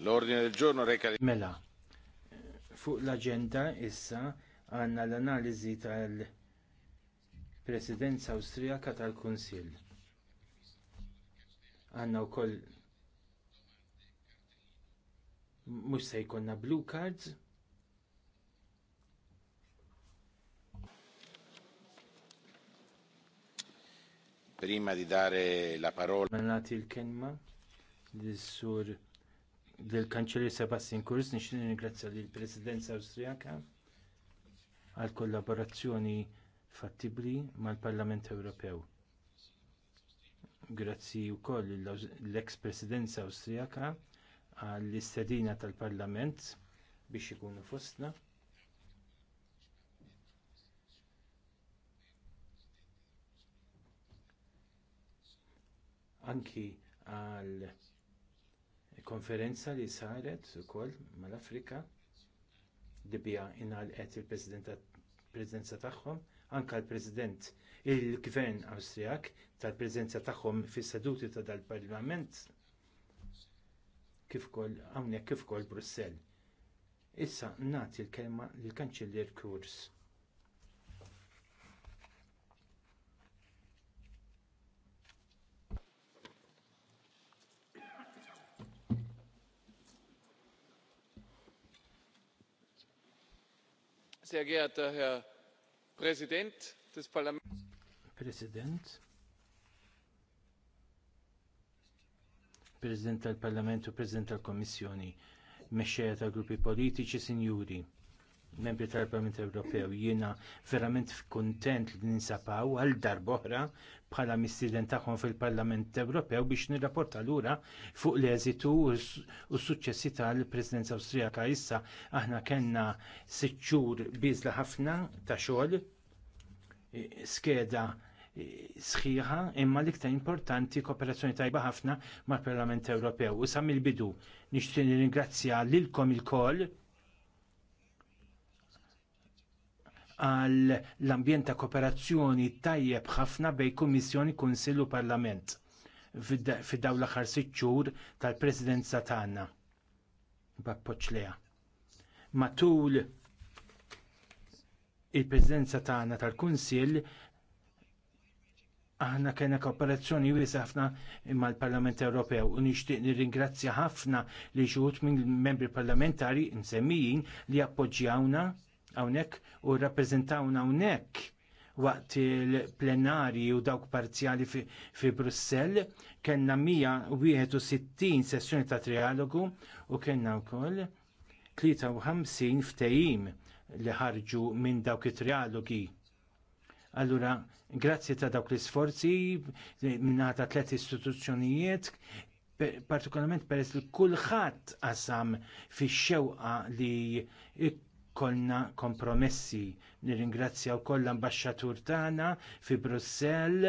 L-ordine del giorno reca... Mela, fuq l-agenda issa għanna l-analizi tal-Presidenza austriaka tal kunsil Għanna u koll mux se jkonna blue cards, Prima di dare la parola. Manati il-kenma il sur dil kanċelier Sebastian Kurz nix ningrazzja lill presidenza Awstrijaka għall kollaborazzjoni fattibbli mal-Parlament Ewropew. Grazzi wkoll l-eks presidenza Awstrijaka għall-istedina tal-Parlament biex ikunu fostna. Anki għal konferenza li saret ukoll mal-Afrika Libja inqalqet il preżenza tagħhom, anke l-President il-Gvern Awstrijak tal-preżenza tagħhom fis-seduti ta' dal-Parlament kif ukoll hawnhekk kif ukoll Brussell. Issa nagħti il kelma lill-Kanċiller Kurz. sehr geehrter Herr Präsident des Parlaments. Präsident. President tal-Parlament u President tal-Kommissjoni, mexxejja tal-gruppi politiċi, sinjuri membri tal-Parlament Ewropew jiena verament kuntent li ninsabaw għal darboħra bħala mistieden tagħhom fil-Parlament Ewropew biex nirrapporta lura fuq l-eżitu u s-suċċessi tal-Presidenza Awstrijaka issa aħna kellna sitt xhur biżla ħafna ta' xogħol e, skeda e, sħiħa imma l-iktar importanti kooperazzjoni tajba ħafna mal-Parlament Ewropew. U sam il-bidu nixtieq nirringrazzja lilkom il-koll għal l-ambjent ta' kooperazzjoni tajjeb ħafna bejn Kummissjoni, Kunsill u Parlament fid-daw l-aħħar sitt xhur tal-Presidenza tagħna. Bappoċ Matul il-Presidenza tagħna tal-Kunsill aħna kena kooperazzjoni wiesa ħafna mal-Parlament Ewropew u nixtieq nirringrazzja ħafna li xuħut minn membri parlamentari msemmijin li appoġġjawna hawnhekk u rappresentawna hawnhekk waqt il-plenari u dawk parzjali fi, fi Brussell kellna 161 sessjoni ta' trialogu u kellna wkoll 53 ftehim li ħarġu minn dawk it-trialogi. Allura, grazzi ta' dawk l-isforzi minna ta' tlet istituzzjonijiet, partikolarment peress li kulħadd qasam fix xewqa li konna kompromessi. Nirringrazzja koll l-ambasċatur tagħna fi Brussell,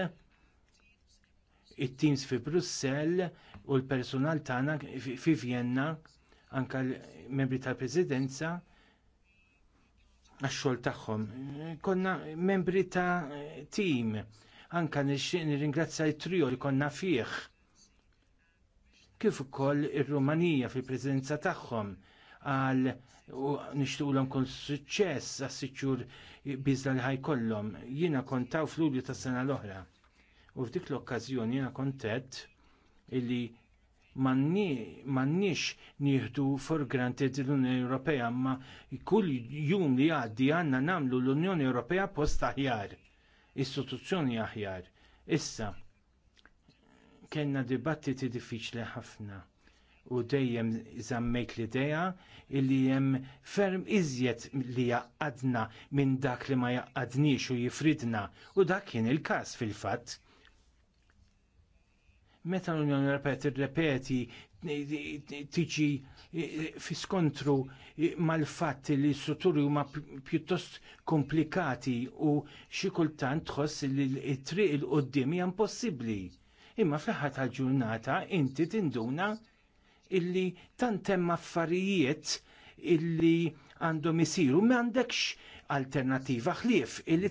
it-teams fi Brussell u l-personal tagħna fi Vienna, anke l-membri tal-Presidenza għax-xogħol tagħhom. Konna membri ta' tim. Anke nirringrazzja t-trio li konna fih. Kif ukoll ir-Rumanija fil-preżenza tagħhom għal u nixtuqlhom kon suċċess għas-siċċur biżla li ħajkollhom. Jiena kontaw fl-ulju tas-sena l-oħra. U f'dik l-okkażjoni jiena kontett illi m'għandniex nieħdu for granted l-Unjoni Ewropea, ma kull jum li għaddi għandna nagħmlu l-Unjoni Ewropea post aħjar, istituzzjoni aħjar. Issa, kena dibattiti diffiċli ħafna u dejjem zammejt l-idea illi jem ferm iżjed li jaqadna minn dak li ma jaqadniex u jifridna u dak kien il-kas fil-fatt. Meta l-Unjoni Ewropea tiġi fi skontru mal-fatt li s-suturi huma pjuttost komplikati u xi kultant tħoss li t-triq il-qoddim hija impossibbli. Imma fl-ħat tal-ġurnata inti tinduna illi tantem affarijiet illi għandhom isiru m'għandekx alternattiva ħlief illi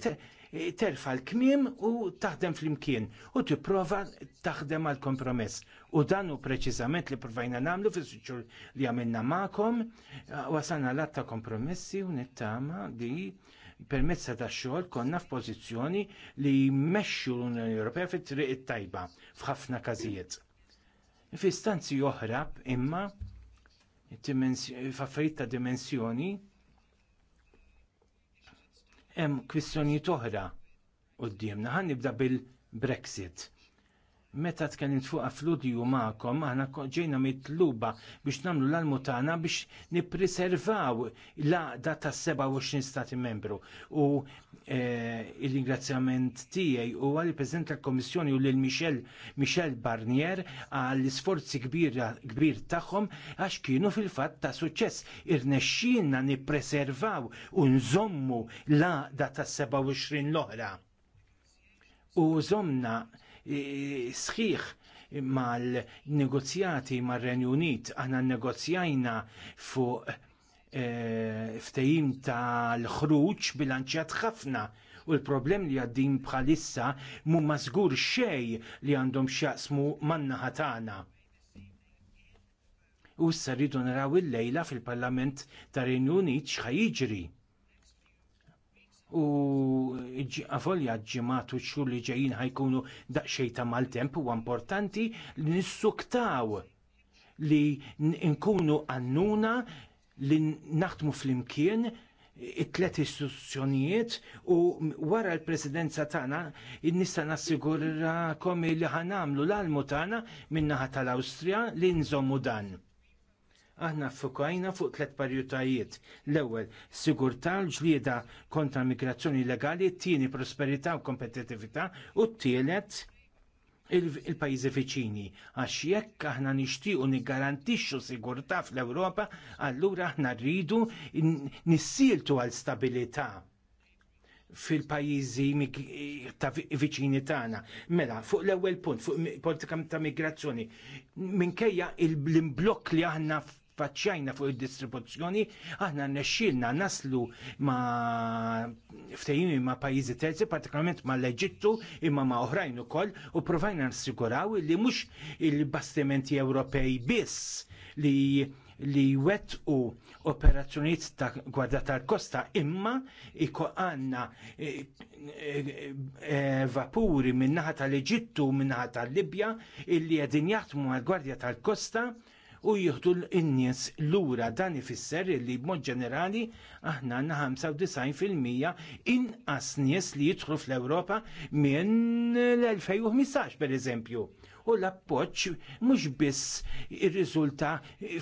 terfa l-kmim u taħdem fl-imkien u tipprova taħdem għal kompromess. U dan u preċizament li provajna namlu fis suċur li għamilna ma'kom, wasalna l-atta kompromessi u nittama li permezza ta' xogħol konna f'pożizzjoni li jmexxu l-Unjoni Ewropea fit-triq it-tajba f'ħafna każijiet fi stanzi joħrab imma f'affarijiet ta' dimensjoni hemm kwistjonijiet oħra qudiemna. Ħan nibda bil-Brexit meta tkellimt fuq affludju ma'kom, aħna ġejna mitluba biex namlu l-almutana biex nippreservaw l-għaqda ta' 27 stati membru. U e, l-ingrazzjament tiegħi u għalli President tal-Komissjoni u lil Michel, Michel Barnier għall isforzi kbir, kbir tagħhom għax kienu fil-fatt ta' suċċess irnexxina nippreservaw u nżommu l-għaqda ta' 27 l-oħra. U żomna sħiħ mal-negozjati mar-Renju Unit aħna negozjajna fuq e, ftehim tal-ħruġ bilanċjat ħafna u l-problem li għaddim bħalissa mu mażgur xej li għandhom xjaqsmu manna ħatana. U issa rridu naraw il-lejla fil-Parlament tar-Renju Unit xħajġri u għavolja ġematu xur li ġejjin ħajkunu daqxej ta' mal-temp u importanti li nissuktaw li nkunu għannuna li naħdmu fl-imkien it-tlet istituzzjonijiet u wara l-presidenza tagħna nista' nassigurakom li ħanamlu l-almu tagħna min-naħa tal-Awstrija li nżommu dan aħna ffukajna fuq tliet parjutajiet. L-ewwel, sigurtà l-ġlieda kontra migrazzjoni legali, t-tieni prosperità u kompetitività u t-tielet il-pajjiżi viċini. Għax jekk aħna nixtiequ niggarantixxu sigurtà fl-Ewropa, allura aħna rridu nissiltu għal stabilità fil-pajizi ta' viċini tagħna. Mela, fuq l-ewwel punt, fuq politika ta' migrazzjoni, minkejja l-imblokk li aħna faċċajna fuq id-distribuzzjoni, aħna nexxilna naslu ma ftejjimi ma pajjiżi terzi, partikolarment ma l-Eġittu imma ma oħrajn ukoll u provajna nassiguraw li mhux il-bastimenti Ewropej biss li li u operazzjoniet ta' gwarda tal-kosta imma iko għanna e, e, e, vapuri minnaħa tal-Eġittu minnaħa tal-Libja illi għedin jaħtmu għal gwardja tal-kosta u jieħdu l-innies lura dan ifisser li b'mod ġenerali aħna għandna 95% inqas nies li jidħlu fl-Ewropa minn l-2015 pereżempju. U l-appoġġ mhux biss irriżulta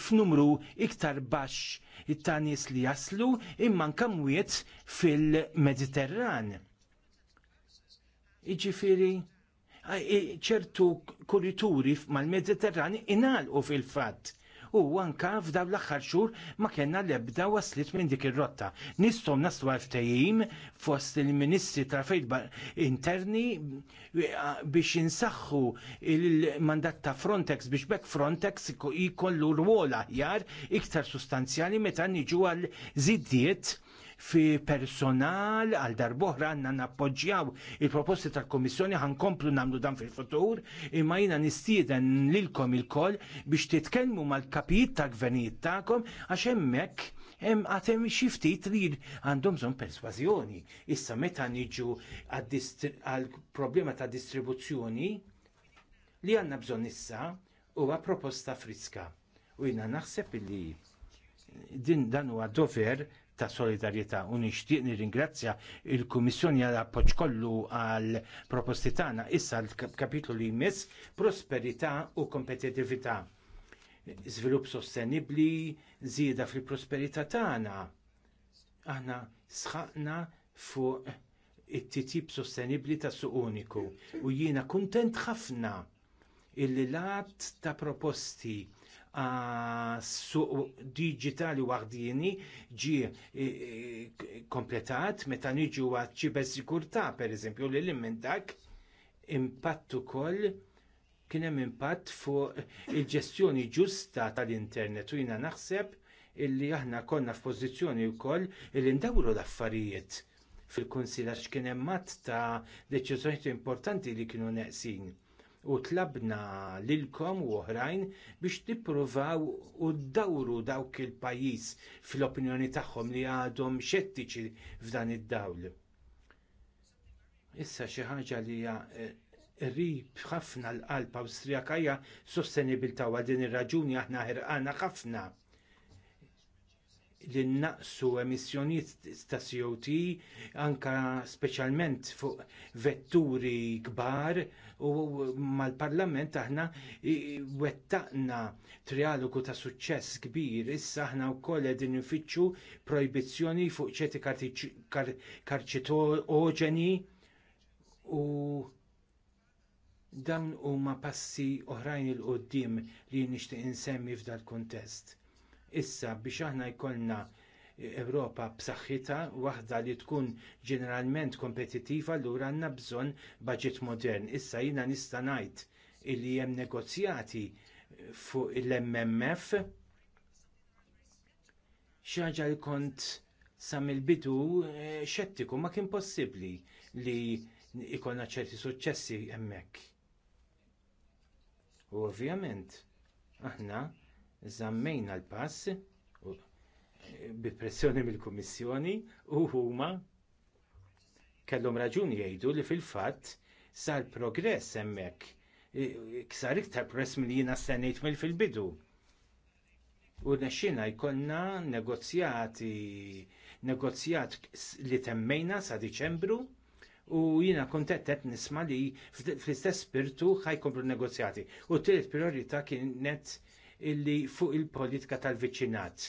f'numru iktar baxx ta' nies li jaslu imma nkamwiet fil-Mediterran. Jġifieri? ċertu kurituri mal-Mediterran inalqu fil-fatt u anka f'daw l-axħar xhur ma kellna l-ebda waslit minn dik ir-rotta. Nistgħu naslu ftehim fost il-Ministri ta' Fejt Interni e, biex insaħħu il-mandat ta' Frontex biex bekk Frontex jkollu rwol aħjar iktar sustanzjali meta niġu għal żiddiet fi personal għal darbohra għanna nappoġġjaw il-proposti tal-Komissjoni ħankomplu namlu dan fil-futur imma jina nistieden lilkom il-koll biex titkellmu mal-kapijiet ta' gvernijiet ta'kom għax hemmhekk hemm għatem xiftit li għandhom bżonn persważjoni. Issa meta niġu għal problema ta' distribuzzjoni li għanna bżonn issa huwa proposta friska. U jina naħseb li din dan huwa dover ta' solidarjetà u nixtieq nirringrazzja il-Kummissjoni għal appoġġ kollu għal proposti tagħna issa l-kapitlu li jmiss prosperità u kompetitività. Żvilupp sostenibbli, żieda fil-prosperità tagħna. Aħna sħaqna fuq it-titjib sostenibbli ta' suq uniku u jiena kuntent ħafna il-lat ta' proposti suq digitali waħdini ġie e, kompletat meta niġu għat ċibersikurtà pereżempju li l minn dak impatt ukoll kien hemm impatt fuq il-ġestjoni ġusta tal-internet u jiena naħseb illi aħna konna f'pożizzjoni wkoll illi ndawru l-affarijiet fil-Kunsil għax kien hemm matt ta' deċiżjonijiet importanti li kienu neqsin u tlabna lilkom u oħrajn biex tippruvaw u ddawru dawk il pajjiż fl-opinjoni tagħhom li għadhom xettiċi f'dan id-dawl. Issa xi ħaġa li hija eh, rib ħafna l-qalb Awstrijaka hija sostenibilità u din ir-raġuni aħna ħirqana ħafna li naqsu emissjonijiet ta' CO2 anka speċjalment fuq vetturi kbar u mal-parlament aħna wettaqna trialogu ta' suċċess kbir issa aħna wkoll qegħdin ifittxu projbizzjoni fuq ċeti karċitoġeni u dawn huma passi oħrajn il qudiem li nixtieq insemmi f'dal kuntest. Issa biex aħna jkollna Ewropa b'saħħitha waħda li tkun ġeneralment kompetittiva allura għandna bżonn baġit modern. Issa jiena nista' ngħid illi hemm negozjati fuq l-MMF xi ħaġa li kont sa mill-bidu eh, xettiku ma kien possibbli li ikolna ċerti suċċessi hemmhekk. U ovvjament aħna zammejna l-pass bi pressjoni mill-Kummissjoni u huma kellhom raġuni jgħidu li fil-fatt sar progress hemmhekk ksar iktar progress milli jiena stennejt mill fil-bidu. U nexxina jkollna negozjati negozjat li temmejna sa Diċembru u jina kontent qed nisma' li fl-istess spirtu ħajkomplu negozjati. U t-tielet priorità kienet illi fuq il-politika tal-viċinat.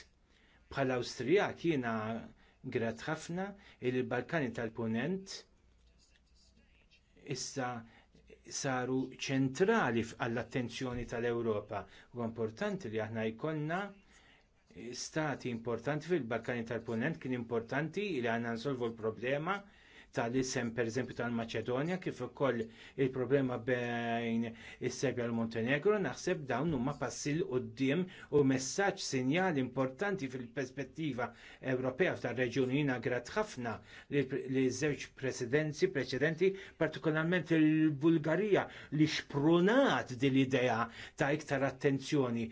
Bħala awstrija jiena grat ħafna il-Balkani tal-Punent issa saru ċentrali għall-attenzjoni tal-Ewropa. U importanti li aħna jkollna stati importanti fil-Balkani tal-Punent kien importanti li għanna nsolvu l-problema tal-isem pereżempju tal-Maċedonja kif ukoll il-problema bejn is-Serbja u l-Montenegro naħseb dawn huma passi l qudiem u messaġġ sinjal importanti fil-perspettiva Ewropea tar reġjun jiena grat ħafna li żewġ presidenzi preċedenti partikolarment il-Bulgarija li xprunat din l idea ta' iktar attenzjoni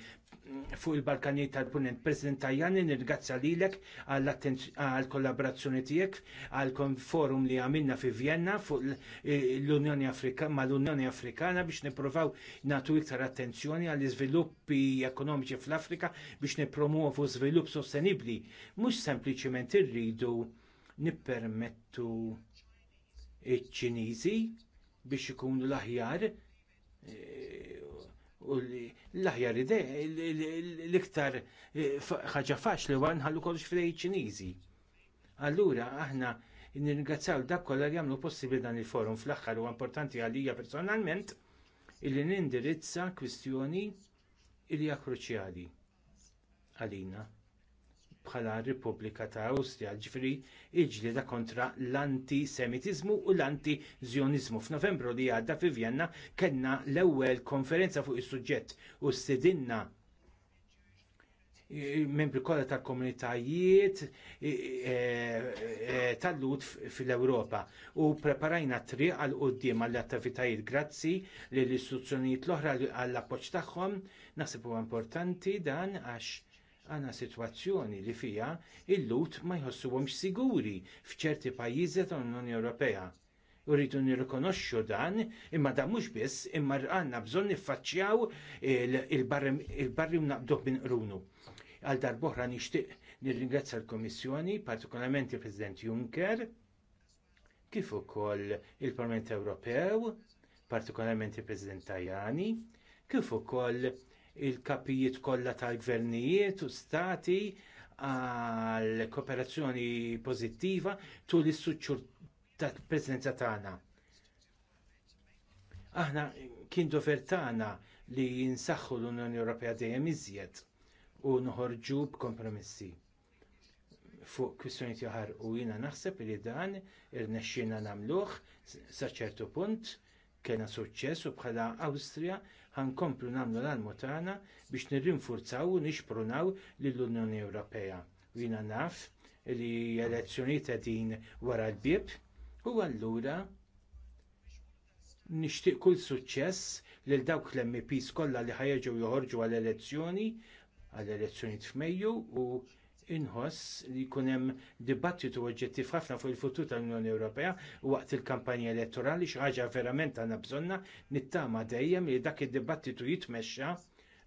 fuq il-Balkanijiet tal-Punent. President Tajani, nirgazza lilek għall-kollaborazzjoni tiegħek għal forum li għamilna fi Vienna fuq l-Unjoni Afrikana ma l-Unjoni Afrikana biex nippruvaw natu iktar attenzjoni għall iżviluppi ekonomiċi fl-Afrika biex nippromuovu żvilupp sostenibbli. Mhux sempliċiment irridu nippermettu iċ-Ċiniżi biex ikunu l-aħjar eh, u l-aħjar ide l-iktar eh, ħaġa faċli huwa nħallu kollox fidej Ċiniżi. Allura aħna nirringrazzjaw dak kollha li jagħmlu possibbli dan il-forum fl-aħħar huwa importanti għalija personalment illi nindirizza kwistjoni illi hija kruċjali għalina bħala Repubblika ta' Awstrija, ġifri iġlieda kontra l-antisemitizmu u l-antizjonizmu. F'Novembru li għadda fi Vienna kellna l-ewwel konferenza fuq is-suġġett u s-Sidinna membri kollha tal-komunitajiet e, e, e, tal-lut fil-Ewropa u preparajna triq għal qudiem għall attivitajiet grazzi lill istituzzjonijiet l-oħra għall appoġġ tagħhom naħseb huwa importanti dan għax għana situazzjoni li fija il-lut ma jħossuhomx siguri f'ċerti pajjiżi tal-Unjoni Ewropea. Urridu nirrikonoxxu dan, imma dan mhux biss, imma għandna bżonn niffaċċjaw il-barrim naqbduh minn qrunu. Għal darboħra nixtieq nirringrazzja l-Komissjoni, partikolarment il-President Juncker, kif ukoll il-Parlament Ewropew, partikolarment il-President Tajani, kif ukoll il-kapijiet kollha tal-gvernijiet u stati għal kooperazzjoni pożittiva tul is-suċċur tal-preżenza tagħna. Aħna kien dover tagħna li jinsaħħu l-Unjoni Ewropea dejjem iżjed u noħorġu b'kompromissi fuq kwistjonijiet oħar u jiena naħseb li dan irnexxina nagħmluh sa ċertu punt kena suċċess u bħala Awstrija ħankomplu nagħmlu l-almu tagħna biex nirrinfurzaw u nixprunaw lill-Unjoni Ewropea. U jiena naf li elezzjonijiet din wara l-bib u allura nixtieq kull suċċess lil dawk l-MPs kollha li ħajġu joħorġu għall-elezzjoni għall elezzjoni f'Mejju u inħoss li jkun hemm dibattitu oġġettiv ħafna fuq il-futur tal-Unjoni Ewropea waqt il-kampanja elettorali xi ħaġa verament għandna bżonna nittama dejjem li dak id-dibattitu jitmexxa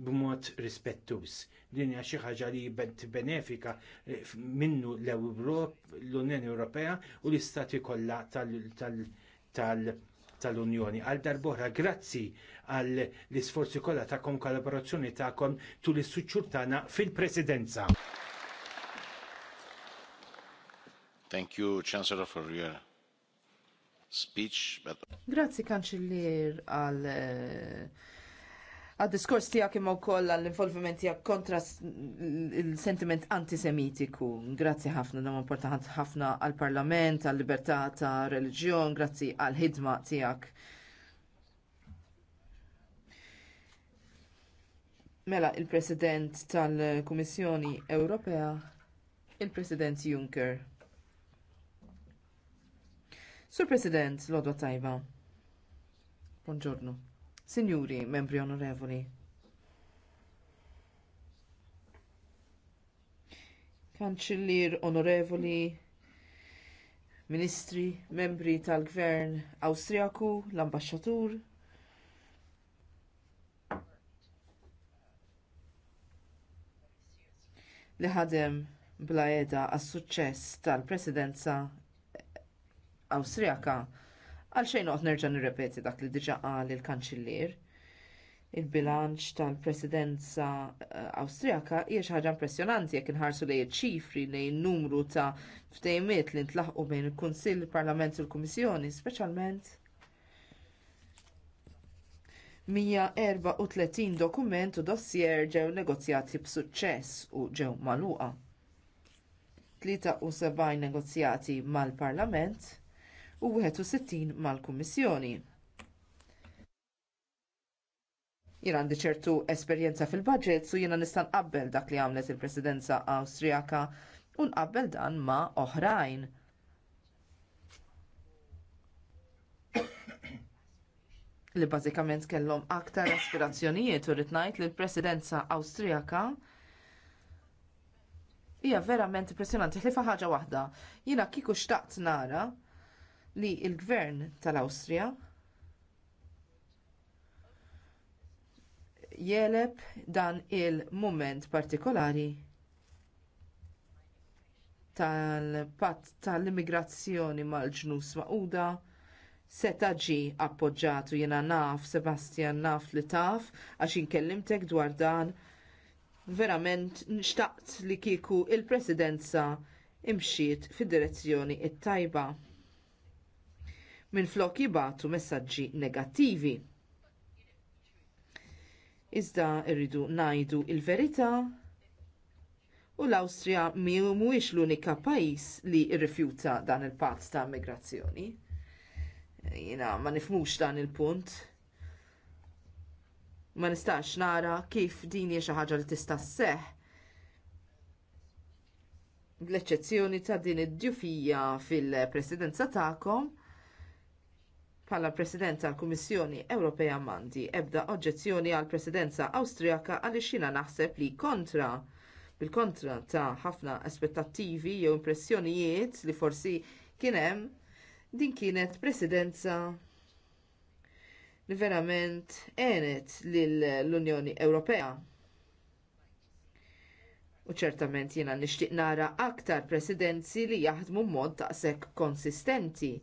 b'mod rispettuż. Din hija xi ħaġa li benefika eh, minnu l l-Unjoni Ewropea u l-istati kollha tal- unjoni Għal darbohra, grazzi għal l-isforzi kollha tagħkom kollaborazzjoni tagħkom tul is-suċċur tagħna fil-Presidenza. Thank you, Chancellor, for your speech. But... Grazzi, kanċillir, għal eh, għad-diskors tijak imma wkoll għall-involviment tijak kontra il-sentiment antisemitiku. Grazzi ħafna, nam importanti ħafna għal-parlament, għal-libertà ta' religjon, grazzi għal-ħidma tijak. Mela, il-President tal-Kummissjoni Ewropea, il-President Juncker. Sur President, Lodwa Tajba. Buongiorno. Signori, membri onorevoli. Kanċillier onorevoli, ministri, membri tal-gvern Awstrijaku, l-ambasċatur, li ħadem bla eda għas suċċess tal-presidenza Awstrijaka. Għalxejn noqgħod nerġan nirrepeti dak li diġà qal il-Kanċillier. Il-bilanċ tal-presidenza eh, Awstrijaka hija xi ħaġa impressjonanti jekk inħarsu lejn iċ-ċifri lejn numru ta' ftejmiet li ntlaħqu bejn il-Kunsill, il-Parlament u l-Kummissjoni, speċjalment 134 dokument u dossier ġew negozjati b'suċċess u ġew magħluqa. 73 negozjati mal-Parlament u 61 mal-Kummissjoni. Jien għandi ċertu esperjenza fil-budget su jiena nista' nqabbel dak li għamlet il-Presidenza Awstrijaka u nqabbel dan ma' oħrajn. li bażikament kellhom aktar aspirazzjonijiet u rrid ngħid li l-Presidenza Awstrijaka hija verament impressjonanti ħlifa ħaġa waħda. Jiena kieku xtaqt nara li l gvern tal-Awstrija jeleb dan il mument partikolari tal-patt tal-immigrazzjoni mal-ġnus maquda seta ġie appoġġjat u jiena naf, Sebastian naf li taf, għax inkellimtek dwar dan verament nxtaqt li kieku l presidenza imxiet fid-direzzjoni t tajba minflok jibgħatu messaġġi negattivi. Iżda rridu ngħidu l verità u l-Awstrija mhuwiex l-unika pajjiż li rrifjuta dan il-patt ta' migrazzjoni. Jiena ma nifmux dan il-punt. Ma nistax nara kif din hija xi ħaġa li tista' sseħħ bl-eċċezzjoni ta' din id-djufija fil-presidenza tagħkom Bħala President tal-Kummissjoni Ewropea Mandi ebda oġġezzjoni għall Presidenza Awstrijaka għaliex jiena naħseb li kontra bil-kontra ta' ħafna aspettattivi jew impressjonijiet li forsi kien hemm din kienet Presidenza li verament għenet lill-Unjoni Ewropea. U ċertament jiena nixtieq nara aktar presidenzi li jaħdmu mod daqshekk konsistenti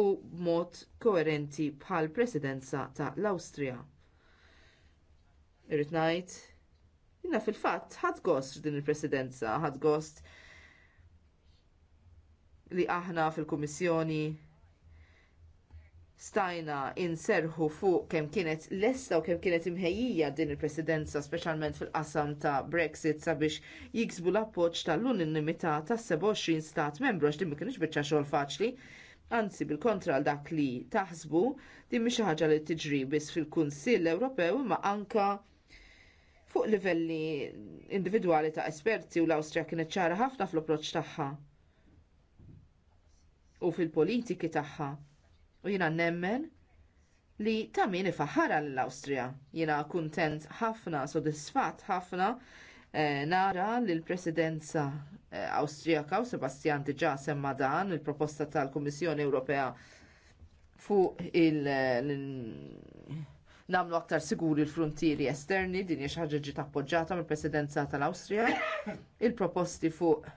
u b'mod koerenti bħal presidenza ta' l-Awstrija. Irrid ngħid, jiena fil-fatt ħad gost din il-presidenza, ħadd gost li aħna fil-Kummissjoni stajna inserħu fuq kemm kienet lesta u kemm kienet imħejjija din il-presidenza speċjalment fil-qasam ta' Brexit sabiex jiksbu l appoġġ tal-unanimità tas 27 stat membru għax din ma kienx biċċa xogħol faċli Anzi, bil-kontra għal dak li taħsbu, din mhix ħaġa li tiġri biss fil-Kunsill Ewropew imma anka fuq livelli individwali ta' esperti u l-Awstrija kienet ċara ħafna fl-approċċ tagħha u fil-politiki tagħha. U jiena nemmen li ta' min ifaħħara l-Awstrija. Jiena kuntent ħafna, sodisfatt ħafna Eh, nara li l-presidenza eh, Awstrijaka u Sebastian diġà semma dan il-proposta tal-Kummissjoni Ewropea fuq il- eh, namlu aktar siguri l-frontieri esterni din hija xi ħaġa ġiet appoġġjata mill-Presidenza tal-Awstrija. Il-proposti fuq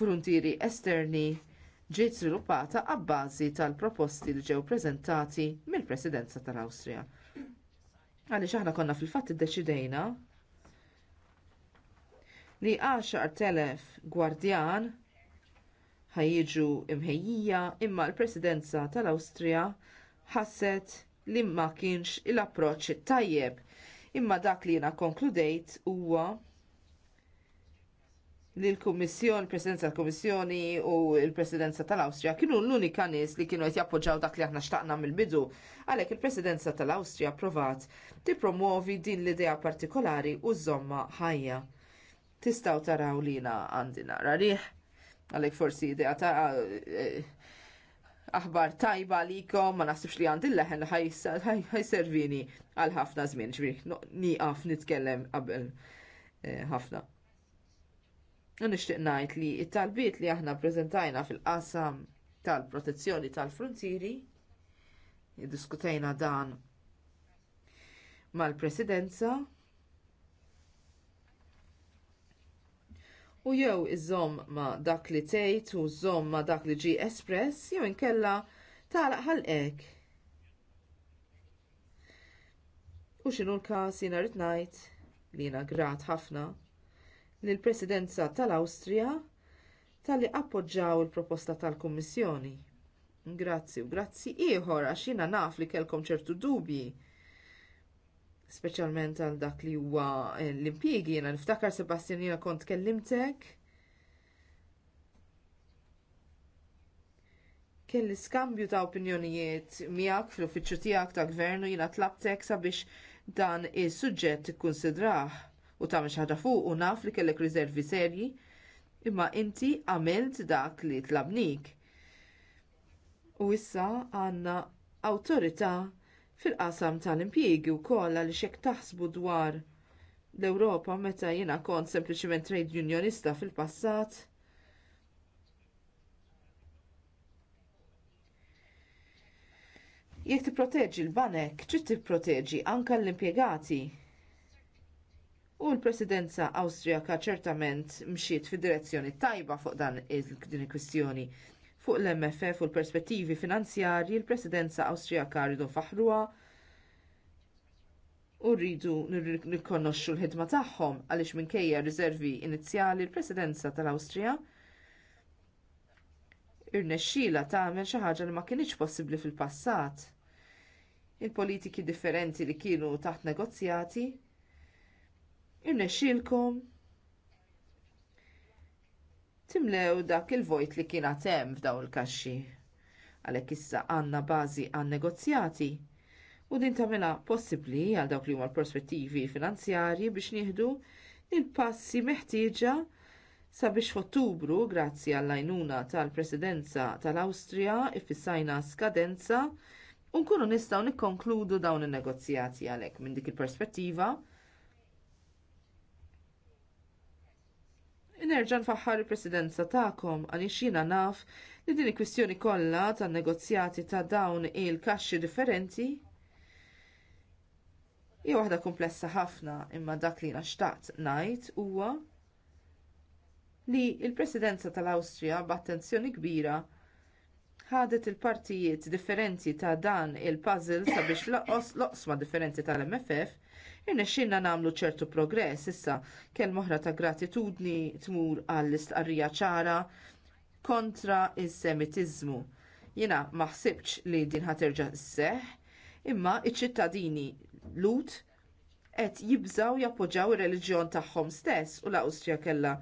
frontieri esterni ġiet sviluppata abbażi tal-proposti li ġew preżentati mill-Presidenza tal-Awstrija. Għaliex aħna konna fil-fatt iddeċidejna li 10,000 gwardjan jiġu imħejjija imma l-presidenza tal-Awstrija ħasset li ma kienx l-approċċ tajjeb. Imma dak li jiena konkludejt huwa li l-Kummissjoni, Presidenza tal-Kummissjoni u l-Presidenza tal-Awstrija kienu l-unika nies li kienu qed jappoġġaw dak li aħna xtaqna mill-bidu. Għalhekk il-Presidenza tal-Awstrija provat tippromwovi din l-idea partikolari u żomma ħajja. Tistaw taraw li na għandi nara riħ, għalek forsi idea ta' aħbar tajba għalikom, ma nasibx li għandi l-leħen ħajservini għal ħafna żmien, ġbiri, niqaf nitkellem qabel eh, ħafna. Nishtiq ngħid li t talbiet li aħna ppreżentajna fil-qasam tal-protezzjoni tal-frontieri, diskutejna dan mal-presidenza, u jew iżomm ma' dak li tgħid u żomm ma' dak li ġie espress jew inkella tagħlaq ek. U x'inhu l-każ jiena rrid ngħid li jina grat ħafna lill presidenza tal-Awstrija talli appoġġaw il-proposta tal-Kummissjoni. Grazzi u grazzi ieħor għax jiena naf li kellkom ċertu dubji speċjalment għal dak li huwa eh, l-impjiegi jiena niftakar Sebastian jena kont kellimtek. Kelli skambju ta' opinjonijiet miegħek fl-uffiċċju tiegħek ta' gvernu jiena tlabtek sabiex dan is-suġġett ikkunsidrah u ta' xi ħaġa fuq u naf li kellek riservi serji imma inti għamilt dak li tlabnik. U issa għandna awtorità fil-qasam tal-impjiegi wkoll għaliex hekk taħsbu dwar l-Ewropa meta jiena kont sempliċement trade unionista fil-passat. Jekk tipproteġi l-banek, trid tipproteġi anke l-impjegati. U l-presidenza Awstrijaka ċertament mxiet fid direzzjoni tajba fuq dan il-kwistjoni fuq l-MFF u l-perspettivi finanzjarji l-Presidenza Awstrijaka rridu faħruha u rridu nirrikonoxxu l-ħidma tagħhom għaliex minkejja r riservi inizjali l-Presidenza tal-Awstrija irnexxila tagħmel xi ħaġa li ma kinitx possibbli fil-passat. Il-politiki differenti li kienu taħt negozjati irnexxilkom timlew dak il-vojt li kien hemm f'daw il-kaxxi. Għalhekk issa għandna bażi għan negozjati u din tagħmilha possibbli għal dawk li huma l-prospettivi finanzjarji biex nieħdu il-passi meħtieġa sabiex f'Ottubru, grazzi għall għajnuna tal-Presidenza tal-Awstrija, ifissajna skadenza u nkunu nistgħu nikkonkludu dawn in-negozjati għalhekk minn dik il-perspettiva. il perspettiva Inerġan e faħħar il-presidenza tagħkom għaliex jiena naf li din il-kwistjoni kollha tan-negozjati ta' dawn il-kaxxi differenti hija waħda komplessa ħafna imma dak li naxtaqt ngħid huwa li l presidenza tal-Awstrija b'attenzjoni kbira ħadet il-partijiet differenti ta' dan il-puzzle sabiex l-oqsma differenti tal-MFF Irnexxinna nagħmlu ċertu progress issa kemm moħra ta' gratitudni tmur għall-istqarrija ċara kontra is-semitiżmu. Jiena ma ħsibx li din ħaterġa' sseħħ, imma iċ-ċittadini Lut qed jibżaw jappoġġaw ir-reliġjon tagħhom stess u l-Awstrija kellha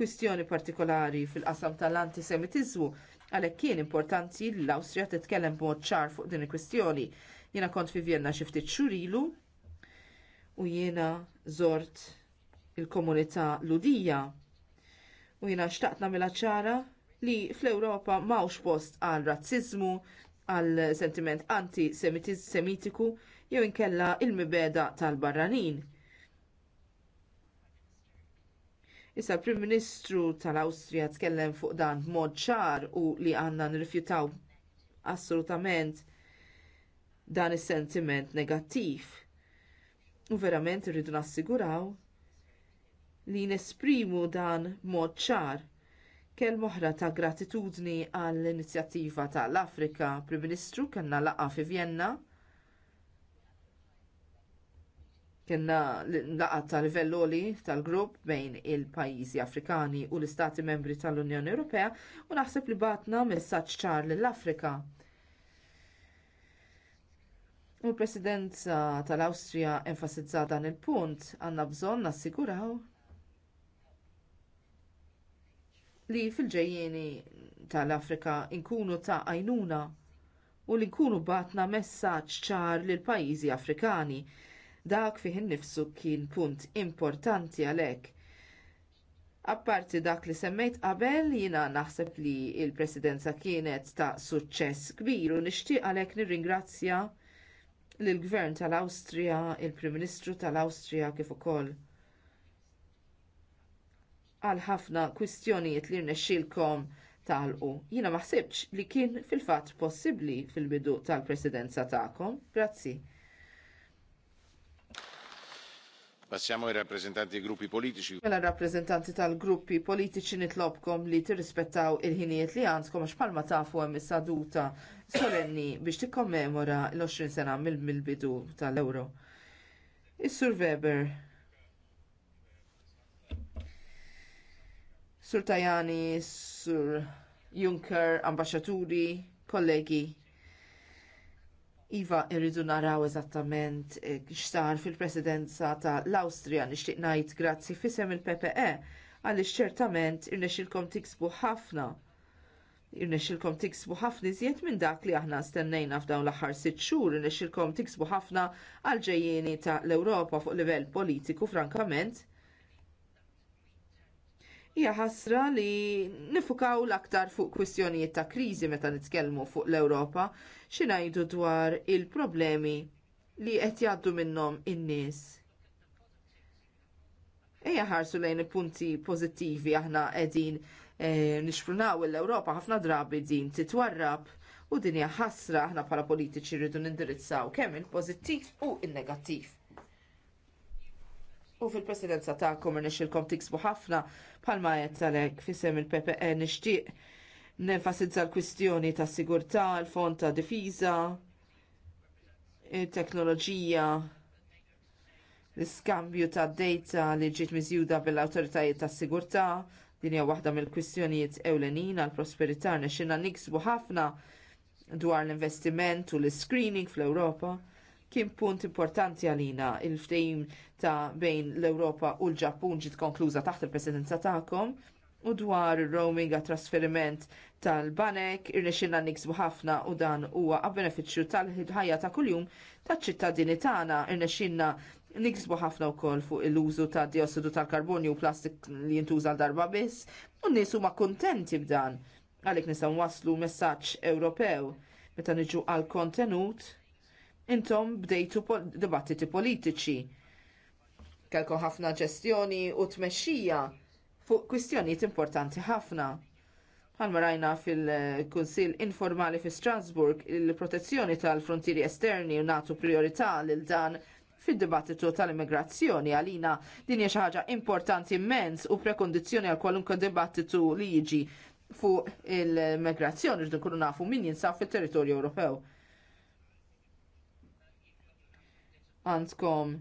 kwistjoni partikolari fil-qasam tal-antisemitiżmu għalhekk kien importanti li l-Awstrija titkellem b'mod ċar fuq din il-kwistjoni. Jiena kont fi Vienna xi ftit xurilu u jiena żort il-komunità ludija u jiena xtaqt nagħmilha ċara li fl-Ewropa mawx post għal razzizmu, għal sentiment anti semitiku jew inkella il-mibeda tal-barranin. Issa l-Prim Ministru tal-Awstrija tkellem fuq dan b'mod ċar u li għandna nirrifjutaw assolutament dan is-sentiment negattiv. U verament irridu nassiguraw li nesprimu dan mod ċar kelm oħra ta' gratitudni għall inizjattiva tal-Afrika Prim Ministru kellna laqgħa fi Vjenna Kellna laqgħa ta' livelloli tal-grupp bejn il-pajjiżi Afrikani u l-Istati membri tal-Unjoni Ewropea u naħseb li batna messaġġ ċar lill-Afrika U l-Presidenza tal-Awstrija enfasizza dan il-punt għandna bżonn nassiguraw li fil-ġejjeni tal-Afrika nkunu ta' għajnuna u li nkunu batna messaġġ ċar lil pajjiżi Afrikani. Dak fih innifsu kien punt importanti għalhekk. Apparti dak li semmejt qabel jiena naħseb li l presidenza kienet ta' suċċess kbir u nixtieq għalhekk nirringrazzja l gvern tal-Awstrija, il-Prim Ministru tal-Awstrija kif ukoll għal ħafna kwistjonijiet li rnexxielkom tagħlqu. Jiena ma ħsibx li kien fil-fatt possibbli fil-bidu tal-presidenza tagħkom. Grazzi. Passiamo ai rappresentanti dei gruppi politici. Mela rappresentanti tal-gruppi politiċi nitlobkom li tirrispettaw il-ħinijiet li għandkom għax palma tafu għem is-saduta solenni biex tikkommemora l-20 sena mill-bidu tal-Euro. Is-Sur Weber. Sur Tajani, Sur Juncker, ambasċaturi, kollegi, Iva, irridu naraw eżattament eh, x'sar fil-presidenza ta' l-Awstrija nixtieq ngħid grazzi fisem il-PPE għaliex ċertament irnexilkom tiksbu ħafna. Irnexilkom tiksbu ħafna iżjed minn dak li aħna stennejna f'dawn l-aħħar sitt xhur, irnexilkom tiksbu ħafna għal ġejjieni ta' l-Ewropa fuq livell politiku frankament hija ħasra li nifukaw l-aktar fuq kwistjonijiet ta' kriżi meta nitkellmu fuq l-Ewropa xi ngħidu dwar il-problemi li qed jgħaddu minnhom in-nies. Ejja ħarsu lejn il-punti pożittivi aħna qegħdin e, eh, nixfrunaw l-Ewropa ħafna drabi din titwarrab u din hija ħasra aħna bħala politiċi rridu nindirizzaw kemm il-pożittiv u in-negattiv. U fil-presidenza ta'kom nixilkom tiksbu ħafna palma jettalek fisem il ppn e nixtieq nenfasizza l-kwistjoni ta' sigurtà, l-fond ta' difiza, il-teknoloġija, l-iskambju ta' data li ġiet miżjuda bil-awtoritajiet ta' sigurtà, din hija waħda mill-kwistjonijiet ewlenin għall prosperità nexxinna niksbu ħafna dwar l-investiment u l-screening fl-Ewropa kien punt importanti għalina il-ftejim ta' bejn l-Europa u l-Ġappun ġiet konkluża taħt il-presidenza tagħkom u dwar roaming għat trasferiment tal-banek irnexxinna niksbu ħafna u dan huwa a benefiċċju tal-ħajja ta' kuljum taċ-ċittadini tagħna irnexxinna niksbu ħafna wkoll fuq il użu ta' diossidu tal-karbonju u plastik li jintuża l darba biss u n-nies huma kuntenti b'dan għalhekk nistgħu waslu messaġġ Ewropew meta niġu għal kontenut intom bdejtu dibattiti politiċi. Kelko ħafna ġestjoni u tmexxija fuq kwistjonijiet importanti ħafna. Bħalma rajna fil-Kunsil informali fi Strasburg il-protezzjoni tal-frontieri esterni u natu priorità lil dan fid-dibattitu tal-immigrazzjoni għalina din hija xi ħaġa importanti immens u prekondizzjoni għal kwalunkwe dibattitu li jiġi fuq il-migrazzjoni rridu nkunu nafu min jinsab fit-territorju Ewropew. għandkom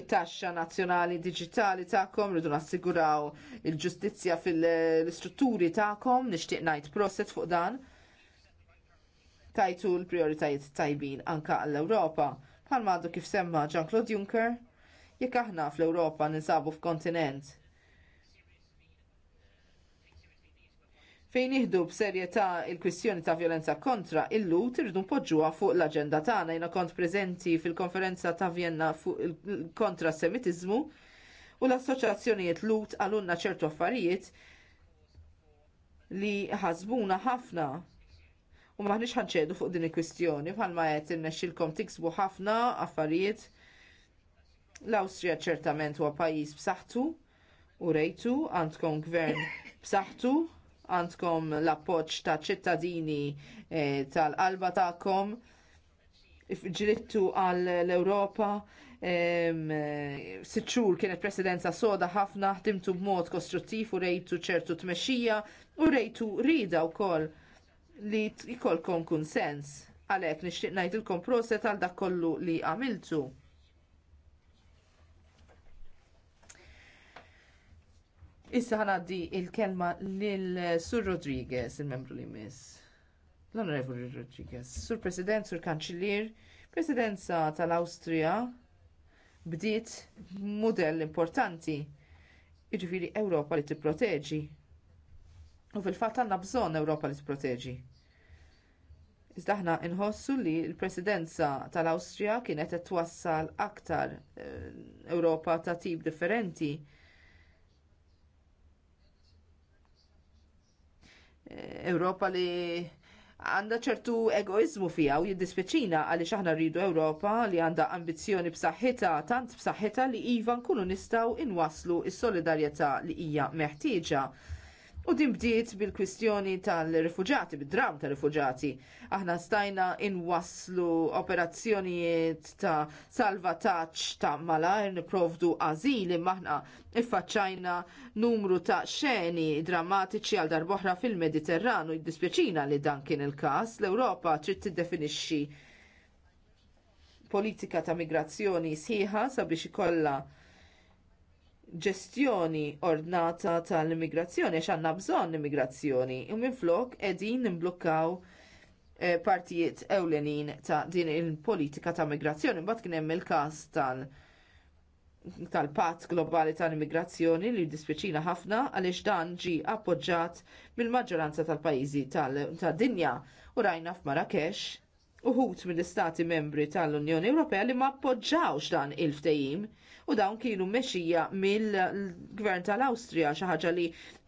it-taxxa nazzjonali diġitali tagħkom rridu nassiguraw il-ġustizzja fil-istrutturi tagħkom nixtieq ngħid proset fuq dan. Tajtu l-prioritajiet tajbin anka għall-Ewropa. Bħalma għadu kif semma Jean-Claude Juncker, jekk aħna fl-Ewropa ninsabu f'kontinent fejn jihdu b'serjetà il-kwistjoni ta' violenza kontra il-lut irridu npoġġuha fuq l-aġenda tagħna jiena kont preżenti fil-konferenza ta' Vienna fuq il-kontra semitiżmu u l-assoċjazzjonijiet lut għalunna ċertu affarijiet li ħasbuna ħafna u maħniex ħanċedu fuq din il-kwistjoni bħalma qed innexxilkom tiksbu ħafna affarijiet. L-Awstrija ċertament huwa pajjiż b'saħħtu u rejtu għandkom gvern b'saħħtu għandkom l-appoġġ ta' ċittadini eh, tal-qalba tagħkom ġrittu għal l-Europa eh, sitxur kienet presidenza soda ħafna ħdimtu b'mod kostruttiv u rejtu ċertu tmexxija u rejtu rida wkoll li jkollkom kunsens għalhekk nixtieq ngħidilkom proset għal dak kollu li għamiltu. Issa ħanaddi il-kelma lil Sur Rodriguez, il-membru li miss. L-Onorevoli Rodriguez, Sur President, Sur Kanċilir, Presidenza tal-Awstrija bdiet mudell importanti, jiġifieri Ewropa li tipproteġi. U fil-fatt għandna bżonn Ewropa li tipproteġi. Iżda aħna nħossu li l-presidenza tal-Awstrija kienet qed twassal aktar eh, Ewropa ta' tip differenti Ewropa li għandha ċertu egoizmu fija u jiddispjaċina għaliex aħna rridu Ewropa li għandha ambizzjoni b'saħħitha tant b'saħħitha li iva nkunu nistgħu inwasslu s-solidarjetà li hija meħtieġa U din bdiet bil-kwistjoni tal rifuġjati bid-dram tal-rifuġati. Aħna stajna inwasslu operazzjonijiet ta' salvataċ ta' malajr niprovdu għazil maħna iffaċċajna numru ta' xeni drammatiċi għal darboħra fil-Mediterranu jiddispjaċina li dan kien il-kas. L-Europa trid tiddefinixxi politika ta' migrazzjoni sħiħa sabiex ikollha ġestjoni ordnata tal-immigrazzjoni, għax għanna bżonn immigrazzjoni, u minflok qegħdin nimblukkaw eh, partijiet ewlenin ta' din il-politika ta' migrazzjoni. Mbagħad kien hemm il-każ tal- tal-patt globali tal-immigrazzjoni li dispieċina ħafna għaliex dan ġie appoġġjat mill-maġġoranza tal-pajjiżi tad-dinja u rajna f'Marrakesh uħud mill-istati membri tal-Unjoni Ewropea li ma appoġġawx dan il-ftehim u dawn kienu mexija mill-gvern tal-Awstrija xi ħaġa li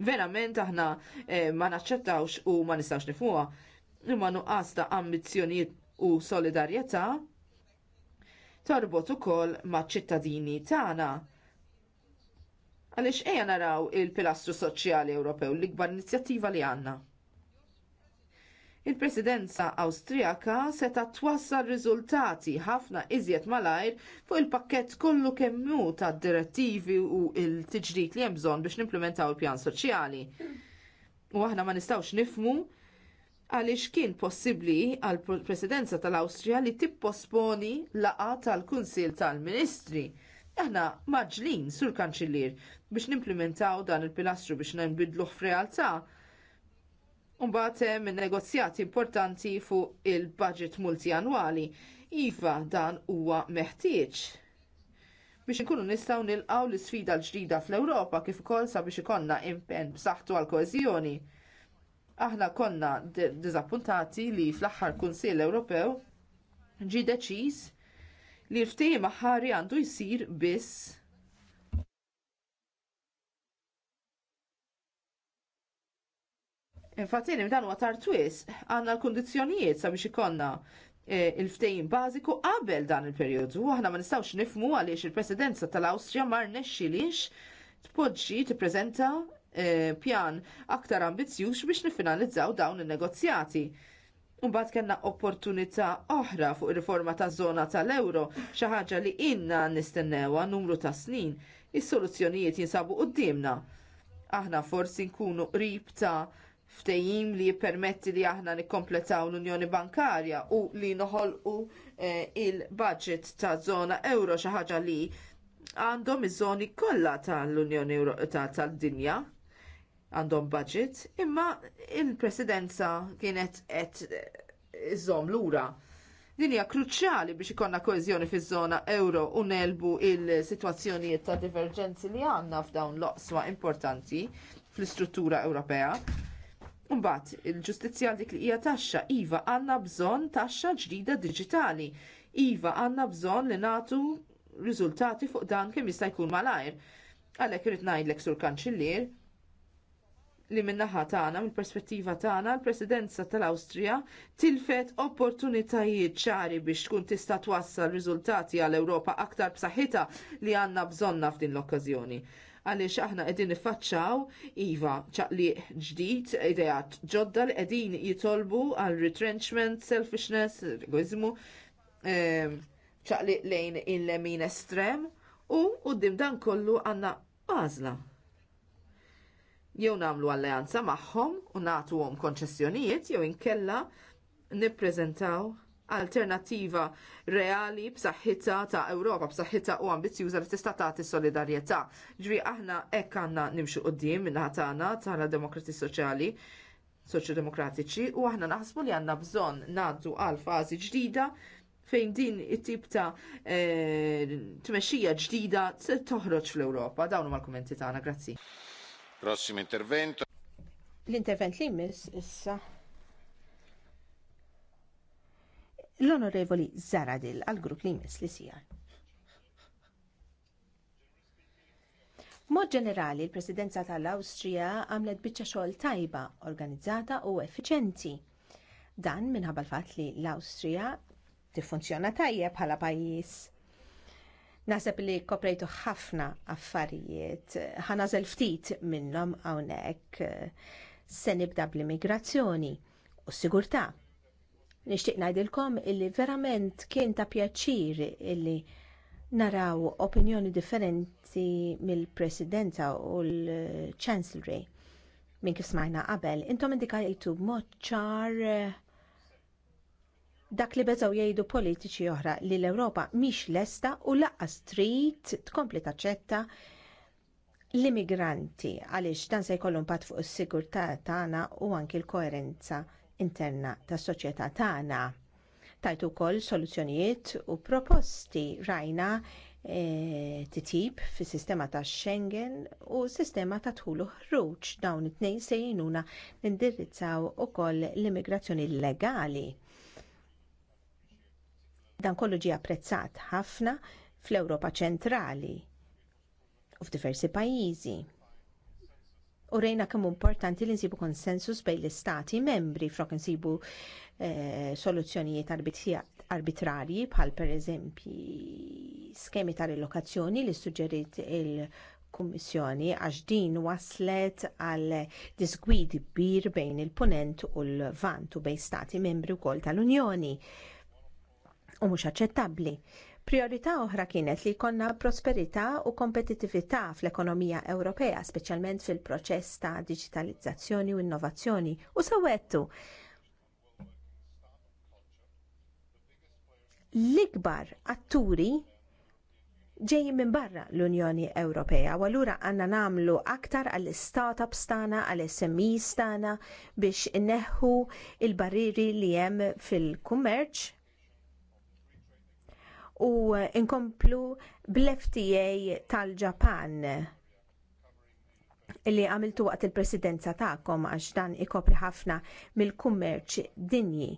verament aħna eh, ma naċċettawx u ma nistgħux nifmuha. Imma nuqqas ta' ambizzjonijiet u solidarjetà torbot ukoll maċ ċittadini tagħna Għaliex ejja naraw il-pilastru soċjali Ewropew l-ikbar inizjattiva li għandna il-presidenza Awstrijaka seta twassal riżultati ħafna iżjed malajr fuq il-pakkett kollu kemmu ta' direttivi u il-tiġrit li hemm bżonn biex nimplementaw il-pjan soċjali. U aħna ma nistgħux nifmu għaliex kien possibbli għal presidenza tal-Awstrija li tipposponi laqgħa tal-Kunsil tal-Ministri. Aħna maġlin sur kanċillier biex nimplementaw dan il-pilastru biex nbidluh f'realtà Umbat hemm negozjati importanti fuq il-budget multianwali. Iva dan huwa meħtieġ biex inkunu nistgħu nilqgħu l-isfida l-ġdida fl-Ewropa kif ukoll sabiex ikollna impenn b'saħħtu għal koeżjoni. Aħna konna diżappuntati li fl-aħħar Kunsill Ewropew ġie deċiż li l-ftehim aħħari għandu jsir biss Infatti dan huwa twis għandna l-kundizzjonijiet sabiex ikonna e, il-ftejn bażiku qabel dan il periodu Aħna ma nistgħux nifmu għaliex il-presidenza tal-Awstrija mar nexxilix tpoġġi tippreżenta e, pjan aktar ambizzjuż biex nifinalizzaw dawn in-negozjati. Mbagħad kellna opportunità oħra fuq ir-riforma taż-żona tal-euro xi ħaġa li inna nistennewha numru ta' snin. Is-soluzzjonijiet jinsabu quddiemna. Aħna forsi nkunu qrib ta' ftejim li jippermetti li aħna nikkompletaw l-Unjoni Bankarja u li noħolqu eh, il-budget ta' zona euro xi ħaġa li għandhom iż-żoni kollha tal-Unjoni tal-dinja għandhom budget, imma il-presidenza kienet qed eh, iżom lura. Din hija kruċjali biex ikonna koeżjoni fiż-żona euro u nelbu il-sitwazzjonijiet ta' diverġenzi li għandna f'dawn l importanti fl-istruttura Ewropea Mbagħad il-ġustizzja dik li hija taxxa iva għandna bżonn taxxa ġdida diġitali. Iva għandna bżonn li nagħtu riżultati fuq dan kemm jista' jkun malajr. Għalhekk irid ngħidlek sur kanċillier li min-naħa tagħna mill-perspettiva tagħna l-Presidenza tal-Awstrija tilfet opportunitajiet ċari biex tkun tista' twassal riżultati għall Ewropa aktar b'saħħitha li għandna bżonna f'din l-okkażjoni għaliex aħna qegħdin faċċaw iva ċaqliq ġdid, idejat ġodda li qegħdin jitolbu għal retrenchment, selfishness, egoizmu, ehm, ċaqliq lejn il-lemin estrem u u dan kollu għandna għażla. Jew nagħmlu alleanza magħhom u nagħtuhom konċessjonijiet jew inkella nippreżentaw alternativa reali b'saħħitha ta' Ewropa b'saħħitha u ambizjuża li tista' tagħti solidarjetà. Ġri aħna hekk għandna nimxu qudiem minnaħa tagħna tagħna demokrati soċjali soċjodemokratiċi u aħna naħsbu li għandna bżonn ngħaddu għal fażi ġdida fejn din it-tip ta' eh, tmexxija ġdida se toħroġ fl-Ewropa. Dawn huma l-kummenti tagħna, grazzi. Prossimo intervento. L-intervent li jmiss issa l-Onorevoli Zaradil għal-grupp li jmiss li sijar. Mod ġenerali, l-Presidenza tal-Awstrija għamlet biċċa xogħol tajba, organizzata u effiċenti. Dan minħabba l-fatt li l-Awstrija tiffunzjona tajjeb bħala pajjiż. Naseb li koprejtu ħafna affarijiet, ħanażel ftit minnhom hawnhekk se nibda bl-immigrazzjoni u s sigurtà. Nixtieq ngħidilkom illi verament kien ta' pjaċir illi naraw opinjoni differenti mill-Presidenza u l-Chancellery minn kif smajna qabel, intom indikajtu b'mod ċar eh, dak li beżaw jgħidu politiċi oħra li l-Ewropa mhix lesta u laqqa street tkompli taċċetta l-immigranti għaliex dan se jkollu impatt fuq is-sigurtà tagħna u anki l-koerenza interna tas-soċjetà tagħna. Tajtu wkoll soluzzjonijiet u proposti rajna E, fis sistema tax Schengen u s sistema ta' tħulu ħruġ dawn it-tnejn se jgħinuna nindirizzaw ukoll l-immigrazzjoni legali. Dan kollu ġie apprezzat ħafna fl-Ewropa ċentrali u f'diversi pajjiżi u rejna kemm importanti li nsibu konsensus bejn l-istati membri frok nsibu eh, soluzzjonijiet arbitrarji bħal pereżempju skemi ta' rilokazzjoni li suġġerit il- kummissjoni għax din waslet għal disgwidi kbir bejn il-punent u l vantu bejn stati membri wkoll tal-Unjoni u mhux aċċettabbli. Priorità oħra kienet li jkollna prosperità u kompetitività fl-ekonomija Ewropea, speċjalment fil-proċess ta' digitalizzazzjoni u innovazzjoni. U sawettu, l-ikbar atturi ġejjin minn barra l-Unjoni Ewropea u allura għandna nagħmlu aktar għall startups tagħna, għall smi tagħna biex inneħħu l barriri li hemm fil-kummerċ u inkomplu bl-FTA tal-Ġapan li għamiltu waqt il-presidenza tagħkom għax dan ikopri ħafna mill-kummerċ dinji.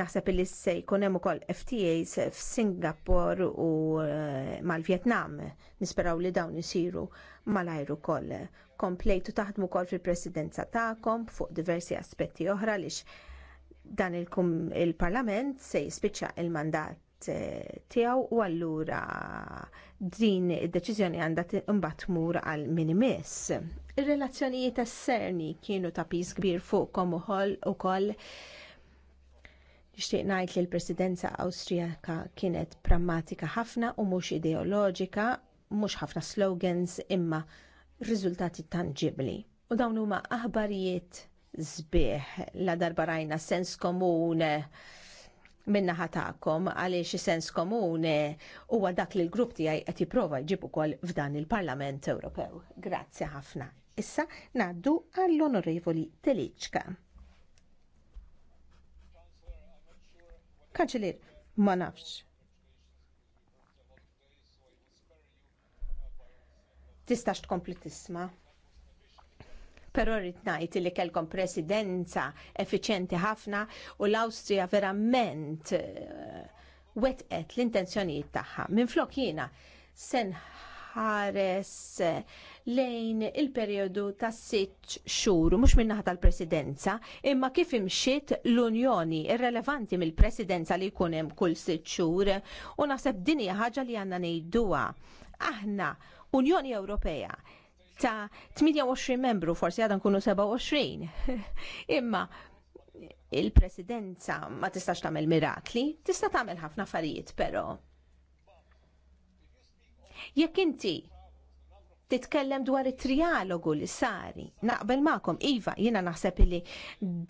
Naħseb li se jkun hemm ukoll FTAs f'Singapore u eh, mal-Vjetnam. Nisperaw li dawn isiru mal-ajru koll. Komplejtu taħdmu wkoll fil-presidenza tagħkom fuq diversi aspetti oħra lix dan il-parlament se jispiċċa il-mandat Eh, tiegħu u allura din id-deċiżjoni għandha imbagħad tmur għal minimis. Ir-relazzjonijiet esterni kienu ta' piż kbir fuqkom ukoll ukoll Nixtieq ngħid li l-Presidenza Awstrijaka kienet prammatika ħafna u mhux ideoloġika, mhux ħafna slogans imma riżultati tangibbli. U dawn huma aħbarijiet sbieħ la darba rajna sens komune minna tagħkom għaliex sens komune huwa dak li l-grupp tiegħi qed jipprova jġib ukoll f'dan il-Parlament Ewropew. Grazzi ħafna. Issa naddu għall-Onorevoli Teliċka. Kanċelir, ma nafx. Tistax tkompli tisma' Però rrid ngħid li kellkom presidenza effiċjenti ħafna u l-Awstrija verament eh, wetqet l-intenzjonijiet tagħha. Min jiena sen ħares eh, lejn il-perjodu ta' sitt xhur mhux min-naħa tal-presidenza, imma kif imxiet l-Unjoni irrelevanti mill-presidenza li jkun hemm kull sitt xhur u naħseb din ħaġa li għandna ngħiduha. Aħna Unjoni Ewropea ta' 28 membru, forsi għadha nkunu 27. Imma il-presidenza ma tistax tagħmel mirakli, tista' tagħmel ħafna affarijiet però. Jekk inti titkellem dwar it-trialogu li sari. Naqbel ma'kom, Iva, jina naħseb li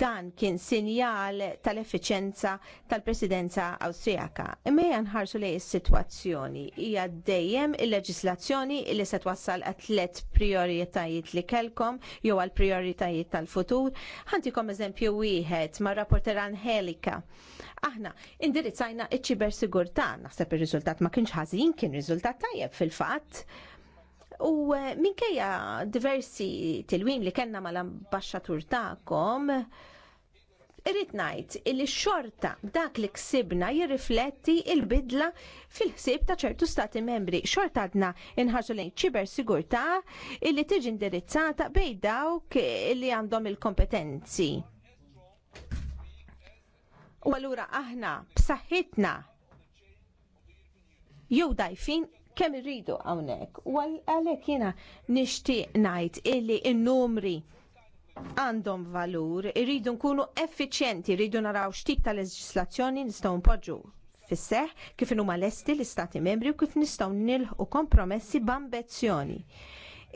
dan kien sinjal tal-effiċenza tal-presidenza Awstrijaka. Imma nħarsu li s-situazzjoni hija dejjem il-leġislazzjoni li se twassal għat-tlet prioritajiet li kelkom jew għal prioritajiet tal-futur. Ħantikom eżempju wieħed ma' rapporter Angelika. Aħna indirizzajna iċ-ċibersigurtà, naħseb ir-riżultat ma kienx ħażin, kien riżultat tajjeb fil-fatt U eh, minkejja diversi tilwim li kellna mal-ambasċatur tagħkom, irrit ngħid li xorta dak li ksibna jirrifletti l bidla fil-ħsieb ta' ċertu stati membri. Xorta għadna inħarsu lejn ċiber sigurtà illi tiġi indirizzata bej dawk li għandhom il-kompetenzi. U allura aħna b'saħħitna jew dajfin kemm irridu hawnhekk. U għalhekk jiena nixtieq ngħid illi n-numri għandhom valur, irridu nkunu effiċjenti, irridu naraw x'tip ta' leġislazzjoni nistgħu npoġġu fisseħ kif huma lesti l-istati membri u kif nistgħu nilħu kompromessi b'ambizzjoni.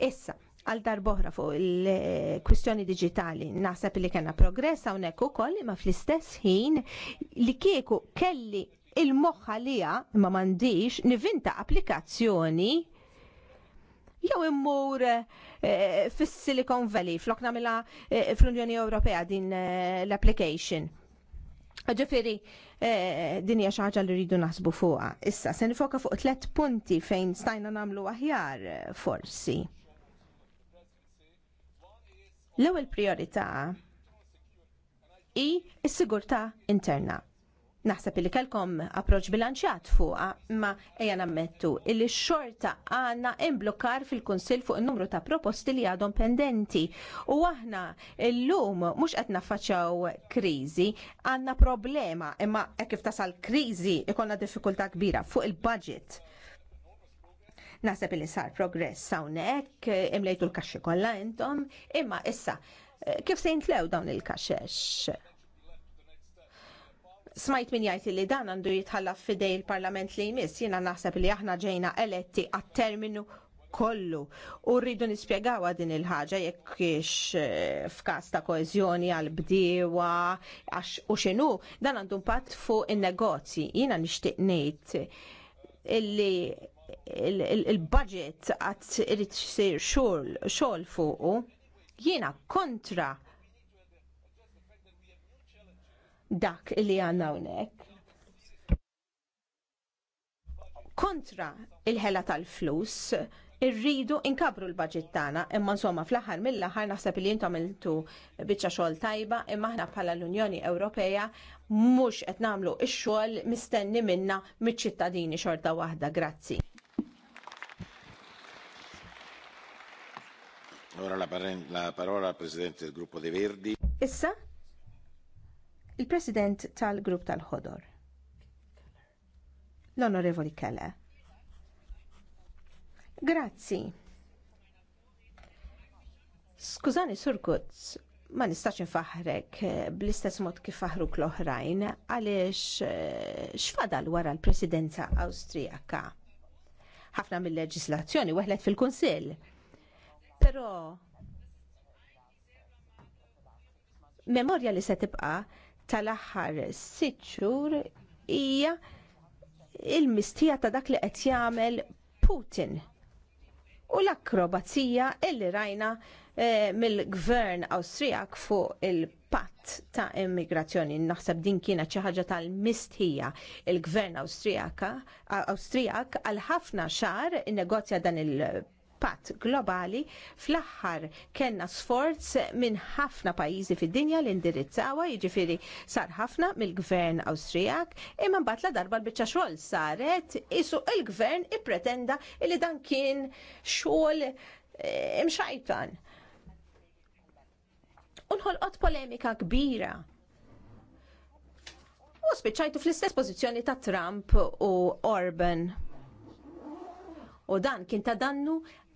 Issa, għal darboħra fuq il-kwistjoni digitali naħseb li kena progress hawnhekk ukoll imma fl-istess ħin li kieku kelli il-moħħa lija imma m'għandix nivinta applikazzjoni jew immur eh, fis-Silicon Valley flok nagħmilha eh, fl-Unjoni Ewropea din eh, l-application. Ġifiri, din hija xi ħaġa li rridu naħsbu fuqha. Issa se nifoka fuq tliet punti fejn stajna nagħmlu aħjar forsi. L-ewwel priorità hi s-sigurtà interna. Naħseb li kelkom approċ bilanċjat fuqa, ma eja nammettu illi xorta għanna imblokkar fil-Kunsil fuq il-numru ta' proposti li għadhom pendenti. U aħna l-lum mux qed naffaċċaw krizi, għanna problema imma kif tasal krizi ikonna diffikulta kbira fuq il-budget. Naħseb li sar progress hawnhekk, imlejtu l-kaxxi kollha intom, imma issa kif se jintlew dawn il-kaxex? smajt min jgħid li dan għandu jitħallaf fidej il-Parlament li jmiss, jiena naħseb li aħna ġejna eletti għat-terminu kollu. U rridu nispjegawa din il-ħaġa jekk kiex eh, f'każ ta' koeżjoni għal bdiewa u x'inhu dan għandu impatt fuq in-negozji. Jiena nixtieq ngħid illi il-budget għat irid xogħol fuq, Jiena kontra dak li għandna hawnhekk. Kontra il-ħela tal-flus, irridu inkabru l-budget tagħna, imma insomma fl-aħħar mill ħar naħseb li il-tu biċċa xogħol tajba, imma aħna bħala l-Unjoni Ewropea mhux qed nagħmlu x-xogħol mistenni minna miċ-ċittadini xorta waħda. Grazzi. Ora la, parola al Presidente del Gruppo dei Verdi. Issa? il-President tal-Grupp tal-Ħodor. L-Onorevoli Kelle. Grazzi. Skużani, Sur Kutz, ma nistax nfaħrek eh, bl-istess mod kif faħruk l-oħrajn għaliex eh, xfadal wara l-presidenza Awstrijaka. Ħafna mill-leġislazzjoni weħlet fil-Kunsill. Però memorja li se tibqa' tal-aħħar sitt xhur hija il-mistija ta' dak li qed jagħmel Putin u l-akrobazija illi rajna eh, mill-gvern Awstrijak fuq il-patt ta' immigrazzjoni. Naħseb din kienet xi ħaġa tal-mistħija. Il-gvern Awstrijak għal ħafna xahar innegozja dan il- impatt globali fl-aħħar kellna sforz minn ħafna pajjiżi fid-dinja li indirizzawa jiġifieri sar ħafna mill-gvern Awstrijak imma mbagħad la darba l-biċċa xogħol saret isu il-gvern ippretenda li dan kien xogħol eh, imxajtan. Unħolqot polemika kbira U spiċajtu fl-istess pożizzjoni ta' Trump u Orban. U dan kien ta' dannu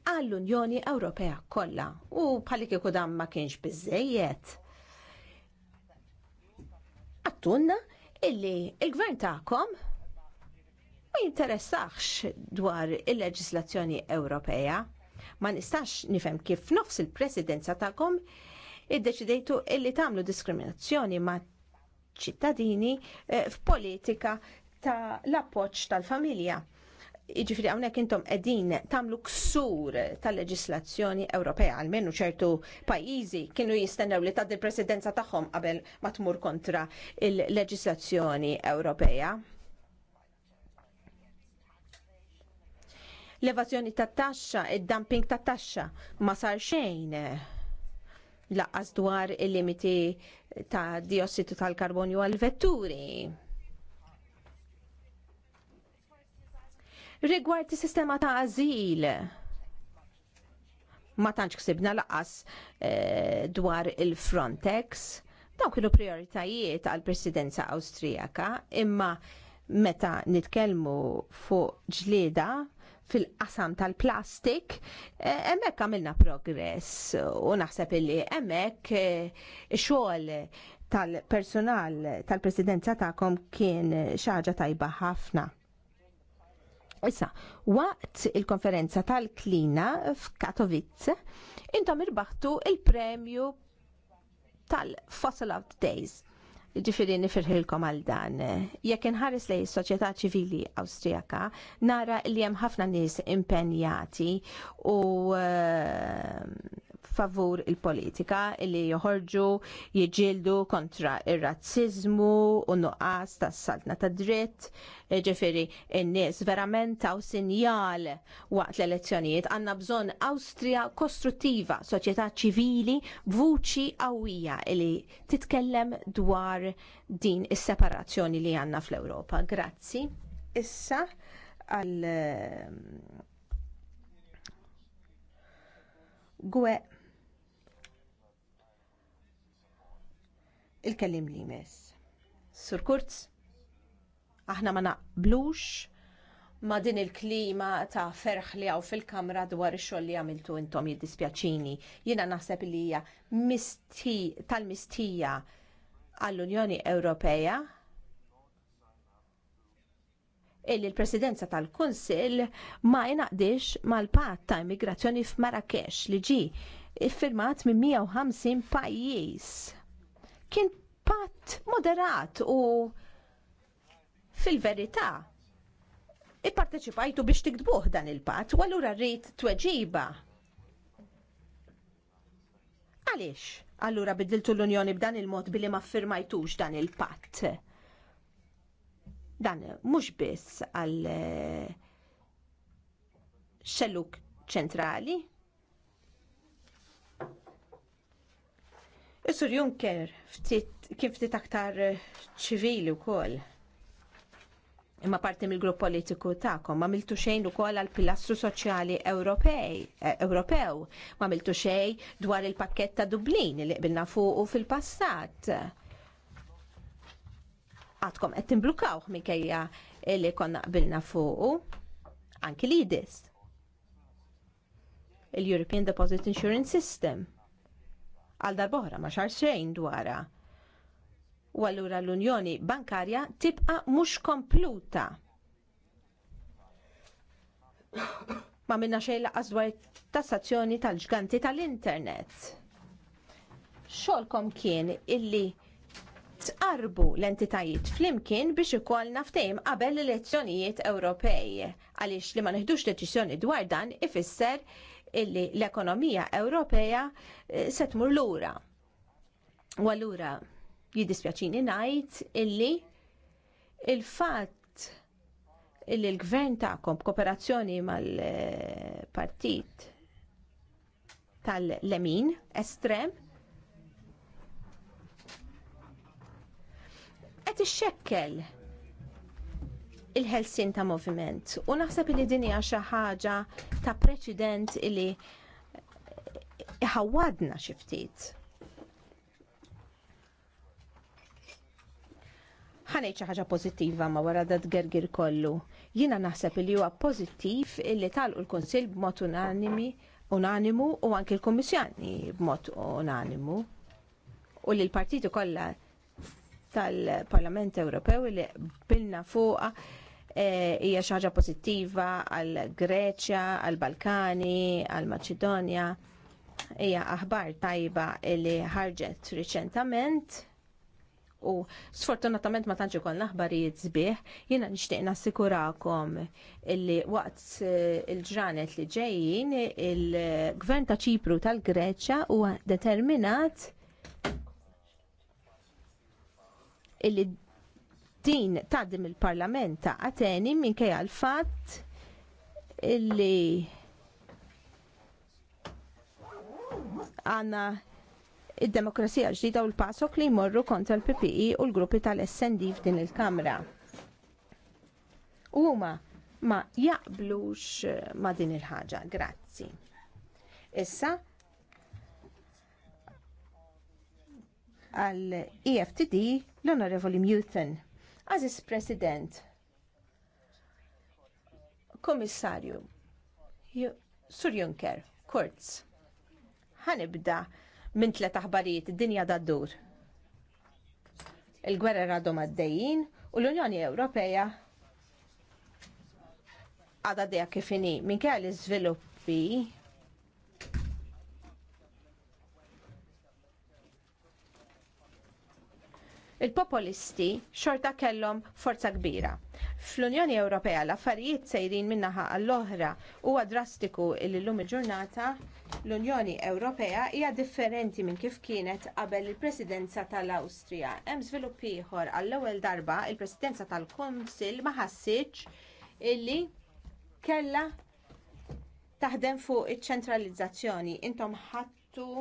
għall-Unjoni Ewropea kollha u bħalli kieku dan ma kienx biżejjed. Attunna illi il-gvern tagħkom ma jinteressax dwar il-leġislazzjoni Ewropea. Ma nistax nifhem kif nofs il-presidenza tagħkom iddeċidejtu illi tagħmlu diskriminazzjoni ma' ċittadini eh, f'politika ta' l-appoġġ tal-familja. Jiġifieri hawnhekk intom qegħdin tagħmlu ksur tal-leġislazzjoni Ewropea għalmenu ċertu pajjiżi kienu jistennew li tad il-presidenza tagħhom qabel ma tmur kontra il-leġislazzjoni Ewropea. l-evazjoni tat taxxa, id-dumping tat taxxa, ma sar xejn laqqas dwar il-limiti ta' diossidu tal-karbonju għal vetturi. Rigward is-sistema ta' azil ma tantx ksibna laqas eh, dwar il-Frontex, Dawk kienu prioritajiet għall presidenza Awstrijaka, imma meta nitkellmu fuq ġlieda fil-qasam tal-plastik, eh, hemmhekk għamilna progress u naħseb illi hemmhekk eh, xogħol tal-personal tal-presidenza tagħkom kien xaġa tajba ħafna. Issa, waqt il-konferenza tal-klina f'Katowice, intom irbaħtu il-premju tal-Fossil Out Days. Ġifiri nifirħilkom għal dan. Jekk inħares lej soċjetà ċivili Awstrijaka, nara li hemm ħafna nies impenjati u uh, favur il-politika li joħorġu jiġildu kontra il razzizmu u nuqqas tas saltna ta' dritt. E, ġifiri, n-nies verament taw sinjal waqt l-elezzjonijiet għanna bżon Awstrija kostruttiva, soċjetà ċivili, vuċi qawwija li titkellem dwar din is-separazzjoni li għanna fl-Ewropa. Grazzi. Issa għal ehm, gwe il-kellim li jmess. Sur Kurz, aħna ma naqblux ma din il-klima ta' ferħ li għaw fil-kamra dwar ix-xogħol li għamiltu intom jiddispjaċini. Jiena naħseb li hija tal-mistija għall-Unjoni Ewropea illi l-presidenza tal-Kunsill ma jnaqdix mal-pat ta' immigrazzjoni f'Marrakesh li ġi iffirmat minn 150 pajjiż kien patt moderat u fil-verità ipparteċipajtu biex tikdbuh dan il-patt u allura rrid tweġiba. Għaliex? Allura biddiltu l-Unjoni b'dan il-mod billi ma firmajtux dan il-patt. Dan mhux biss għal xelluk ċentrali, Isur Juncker kif ftit aktar eh, ċivili wkoll. Imma parti mill-grupp politiku tagħkom ma miltu xejn ukoll għall pilastru soċjali Ewropej, eh, Ewropew, ma miltu xejn dwar il pakketta ta' Dublin li qbilna u fil-passat. Għadkom qed timblukawh minkejja li konna qbilna u anki l-IDIS. Il-European Deposit Insurance System għal darboħra ma xar xejn dwara. U allura l-Unjoni Bankarja tibqa mhux kompluta. Ma minna xejn laqas dwar tassazzjoni tal-ġganti tal-internet. Xolkom kien illi tqarbu l-entitajiet flimkien biex ikollna naftejm qabel l-elezzjonijiet Ewropej. Għaliex li ma neħdux deċiżjoni dwar dan ifisser illi l-ekonomija Ewropea eh, se tmur lura. U allura jiddispjaċini ngħid illi il-fatt illi l-gvern tagħkom kooperazzjoni mal-partit tal-lemin estrem qed ixxekkel il-ħelsin ta' moviment. U naħseb li din hija xi ħaġa ta' preċedent li ħawadna xi ftit. ħanejt xi ħaġa pożittiva ma wara dat gergir kollu. Jiena naħseb li huwa pożittiv illi talqu l-Kunsill b'mod unanimi unanimu u anki l-Kummissjoni b'mod unanimu. U li l-partiti kollha tal-Parlament Ewropew li bilna fuqa eh, hija xi ħaġa pożittiva għal Greċja, għal Balkani, għal Maċedonja. Hija aħbar tajba li ħarġet riċentament u sfortunatament ma tantx ikollna aħbarijiet sbieħ, jiena nixtieq nassikurakom illi waqt eh, il-ġranet li ġejjin il-Gvern ta' Ċipru tal-Greċja huwa determinat illi din taħdim il-parlament ta' Ateni kaj l-fatt illi għanna id-demokrasija ġdida u l-pasok li jmorru kontra l-PPI e u l-gruppi tal-SND f'din il-Kamra. U huma ma jaqblux ma din il-ħaġa. Grazzi. Issa għal EFTD l-Onorevoli Newton. Aziz President, Komissarju, Sur Juncker, Kurz, ħanibda minn tlet aħbarijiet id-dinja dad-dur. Il-gwerra għadhom għaddejjin u l-Unjoni Ewropea għadha dejja kif inhi minkejja l-iżviluppi il-popolisti xorta kellhom forza kbira. Fl-Unjoni Ewropea l-affarijiet sejrin minnaħa għall-oħra huwa drastiku il lum il-ġurnata l-Unjoni Ewropea hija differenti minn kif kienet qabel il-Presidenza tal-Awstrija. Hemm żvilupp ieħor għall-ewwel darba il-Presidenza tal-Kunsill ma ħassiġ illi kellha taħdem fuq iċ-ċentralizzazzjoni. Intom ħattu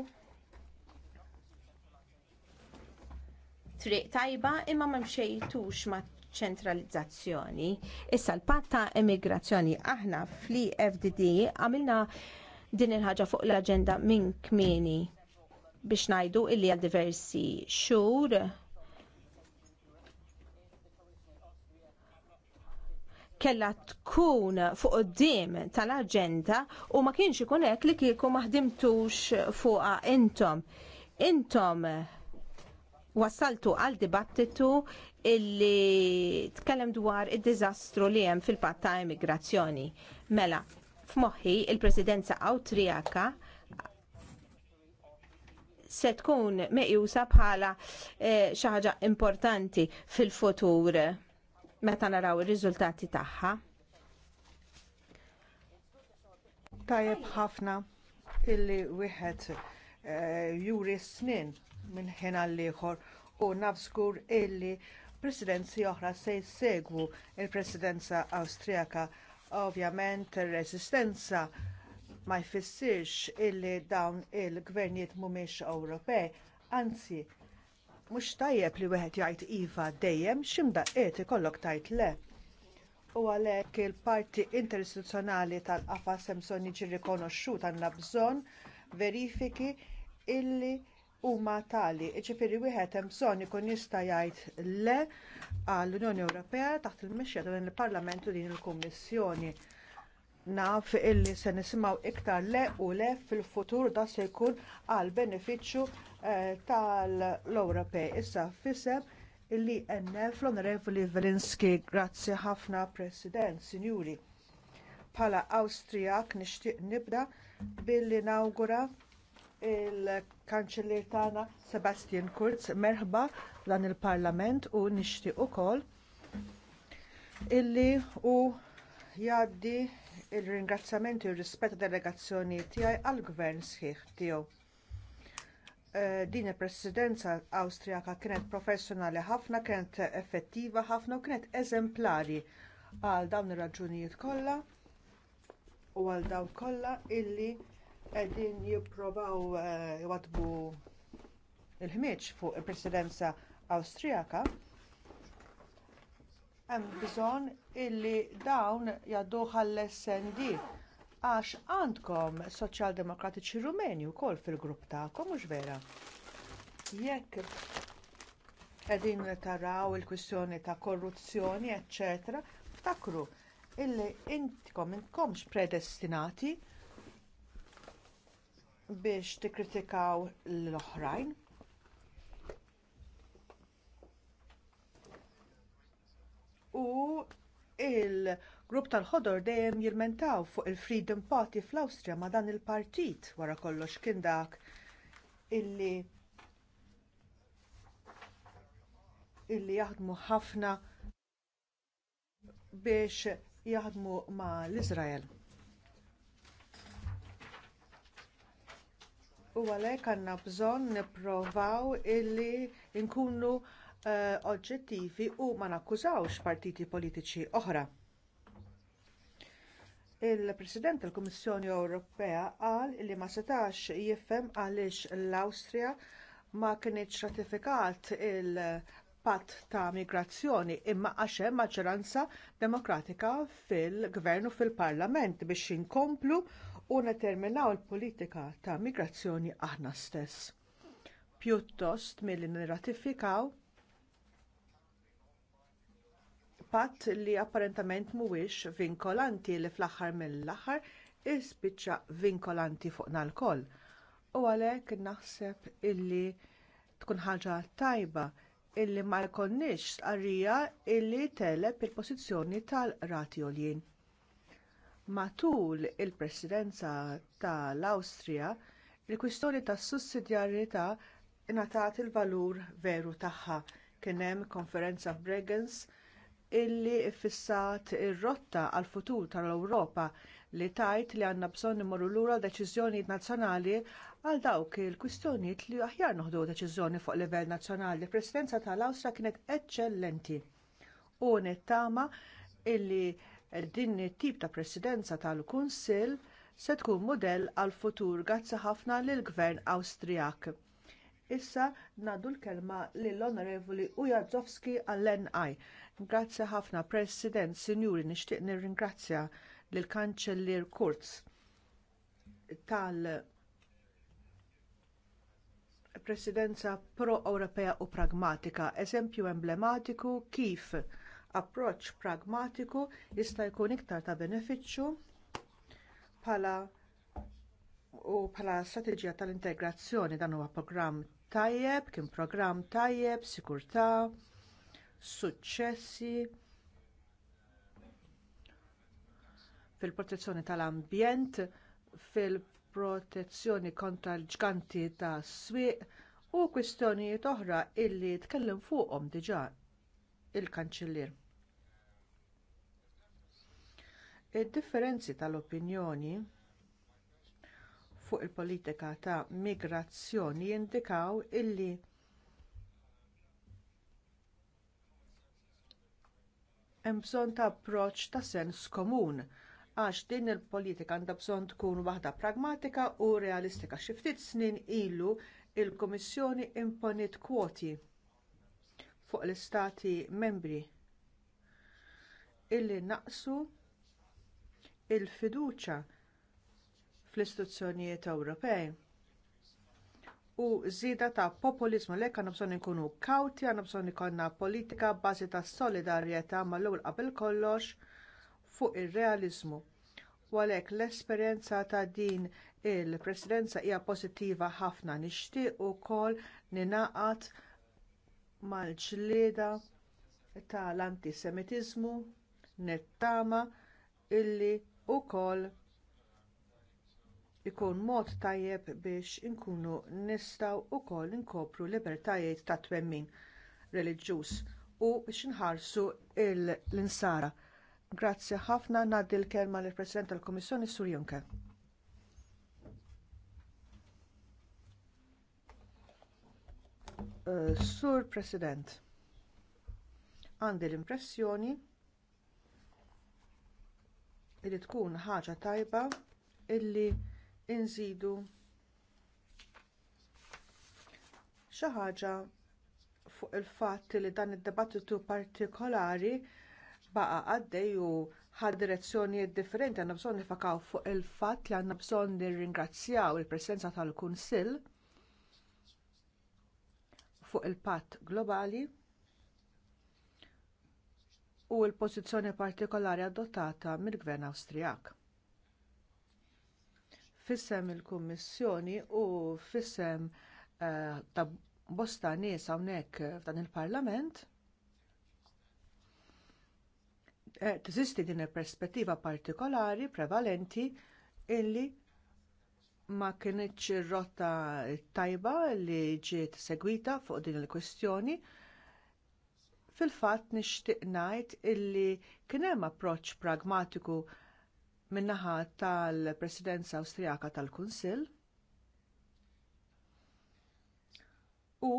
triq tajba imma ma mxejtux ma ċentralizzazzjoni. Issa l-patt ta' immigrazzjoni aħna fli fdd għamilna din il-ħaġa fuq l aġenda minn kmieni biex ngħidu illi għal diversi xur kella tkun fuq d-dim tal aġenda u ma kienx ikun hekk li kieku ma ħdimtux fuqha intom. Intom wasaltu għal dibattitu illi tkellem dwar id-diżastru li hemm fil-patt ta' immigrazzjoni. Mela, f'moħħi il-Presidenza Awtrijaka se tkun meqjusa bħala eh, xi ħaġa importanti fil-futur meta naraw ir-riżultati tagħha. Tajjeb ħafna illi wieħed eh, juri snin minn ħin għall-ieħor u naf żgur illi presidenzi oħra se jsegwu l presidenza Awstrijaka. Ovvjament ir-reżistenza ma jfissirx illi dawn il-gvernijiet mhumiex Ewropej, anzi mhux tajjeb li wieħed jgħid iva dejjem x'imdaqqiet ikollok tajt le. U għalhekk il-parti interistituzzjonali tal-qafa Samson jiġi rikonoxxut għandna bżonn verifiki illi huma tali, ġifiri wieħed hemm bżonn ikun jista' jgħid le għall-Unjoni Ewropea taħt il-mixja ta' din il-Parlament u din il-Kummissjoni. Naf illi se nisimgħu iktar le u le fil-futur da se jkun għal benefiċċju eh, tal-Ewropej. Issa fisem illi NF l-Onorevoli Velinski, grazzi ħafna President, Sinjuri. Bħala Awstrijak nixtieq nibda billi nawgura il-kanċellir tagħna Sebastian Kurz merħba dan il-Parlament u nixtieq ukoll illi hu jgħaddi il ringrazzjamenti u r-rispett delegazzjoni tiegħi għall gvern sħiħ tiegħu. Eh, din il-presidenza Awstrijaka kienet professjonali ħafna, kienet effettiva ħafna u kienet eżemplari għal dawn ir-raġunijiet kollha u għal dawn kollha illi qegħdin jippruvaw jwadbu eh, il ħmiġ fuq il-presidenza Awstrijaka hemm bżonn illi dawn jgħaddu għall-SND għax għandkom soċjaldemokratiċi rumeni wkoll fil-grupp tagħkom mhux vera. Jekk qegħdin taraw il-kwistjoni ta' korruzzjoni, eccetera, ftakru illi intkom intkomx predestinati biex tikkritikaw l-oħrajn. U il-grupp tal-ħodor dejjem jirmentaw fuq il-Freedom Party fl-Awstrija ma dan il-partit wara kollox kien dak illi illi jaħdmu ħafna biex jaħdmu mal iżrael u għalhekk għandna bżonn nippruvaw illi nkunu uh, oġġettivi u ma nakkużawx partiti politiċi oħra. Il-President tal-Kummissjoni Ewropea qal li ma setax jifhem għaliex l-Awstrija ma kinitx ratifikat il patt ta' migrazzjoni imma għax hemm maġġoranza demokratika fil-gvern u fil-parlament biex inkomplu u neterminaw il-politika ta' migrazzjoni aħna stess. Pjuttost milli nirratifikaw patt li apparentament mhuwiex vinkolanti li fl-aħħar mill-aħħar ispiċċa vinkolanti fuqna lkoll. U għalhekk naħseb illi tkun ħaġa tajba illi ma jkollniex arrija illi telep il-pożizzjoni tal-rati għoljien. Matul il-presidenza tal-Awstrija, il-kwistjoni tas sussidjarjetà ingħatat il-valur veru tagħha. Kien hemm konferenza f'Bregenz illi ffissat ir-rotta għall futur tal-Ewropa li tajt li għandna bżonn imorru lura deċiżjonijiet nazzjonali għal dawk il-kwistjonijiet li aħjar noħdu deċiżjoni fuq livell nazzjonali. Il-presidenza tal-Awstra kienet eċċellenti u nittama illi Eh, din it-tip ta' presidenza tal-Kunsill se tkun mudell għal futur grazzi ħafna lill gvern Awstrijak. Issa ngħaddu l-kelma lill onorevoli Ujadzowski għall-NI. Grazzi ħafna President, Sinjuri, nixtieq nirringrazzja lill kanċellier Kurz tal- presidenza pro-Ewropea u pragmatika, eżempju emblematiku kif approċċ pragmatiku jista' jkun iktar ta' benefiċċju bħala u strateġija tal-integrazzjoni dan huwa programm tajjeb, kien programm tajjeb, sikurtà, suċċessi fil-protezzjoni tal-ambjent, fil-protezzjoni kontra l-ġganti tas swieq u kwistjonijiet oħra illi tkellem fuqhom diġà il-kanċillier. Id-differenzi tal-opinjoni fuq il-politika ta' migrazzjoni jindikaw illi hemm bżonn ta' approċċ ta' sens komun għax din il-politika għandha bżonn tkun waħda pragmatika u realistika. Xi ftit snin ilu l il kummissjoni imponiet kwoti fuq l-istati membri illi naqsu l il fiduċja fl-istituzzjonijiet Ewropej u żieda ta' populiżmu lek għandna bżonn inkunu kawti, għandna bżonn ikollna politika bbażi ta' solidarjetà mal-ewwel qabel kollox fuq ir-realiżmu. U għalhekk l-esperjenza ta' din il-presidenza hija pożittiva ħafna nixtieq ukoll ninaqat mal-ġlieda tal-antisemitiżmu nittama illi wkoll ikun mod tajjeb biex inkunu nistgħu wkoll inkopru libertajiet ta' twemmin reliġjuż u biex inħarsu l-insara. Grazzi ħafna ngħaddi l-kelma lill president tal-Kummissjoni Sur Juncker. Eh, Sur President, għandi l-impressjoni li tkun ħaġa tajba illi inżidu xi ħaġa fuq il-fatt li dan id-dibattitu partikolari baqa' għaddej u ħad direzzjonijiet differenti għandna bżonn nifakaw fuq il-fatt li għandna bżonn nirringrazzjaw il-presenza tal-Kunsill fuq il-patt globali u l-pożizzjoni partikolari adottata mill-Gvern Awstrijak. Fissem il-Kummissjoni u fissem eh, ta' bosta nies hawnhekk f'dan il-Parlament eh, tiżisti din il-perspettiva partikolari prevalenti illi ma kienieċ rotta tajba li ġiet segwita fuq din il-kwestjoni. Fil-fatt nixtieq ngħid illi kien hemm approċċ pragmatiku min-naħa tal-Presidenza Awstrijaka tal-Kunsill. U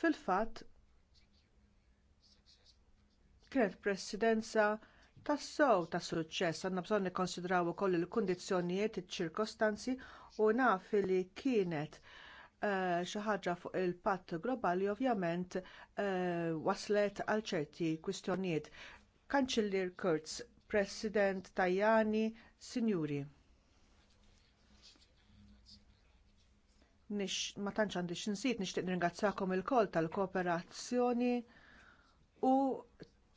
fil-fatt kienet presidenza tassow ta' suċċess għandna bżonn nikkonsidraw ukoll il-kundizzjonijiet iċ-ċirkostanzi u naf li kienet eh, xi ħaġa fuq il-patt globali ovvjament eh, waslet għal ċerti kwistjonijiet. Kanċellier Kurtz, President Tajani, Sinjuri. nix ma tantx għandi xinsit nixtieq ningrazzakom ilkoll tal-kooperazzjoni u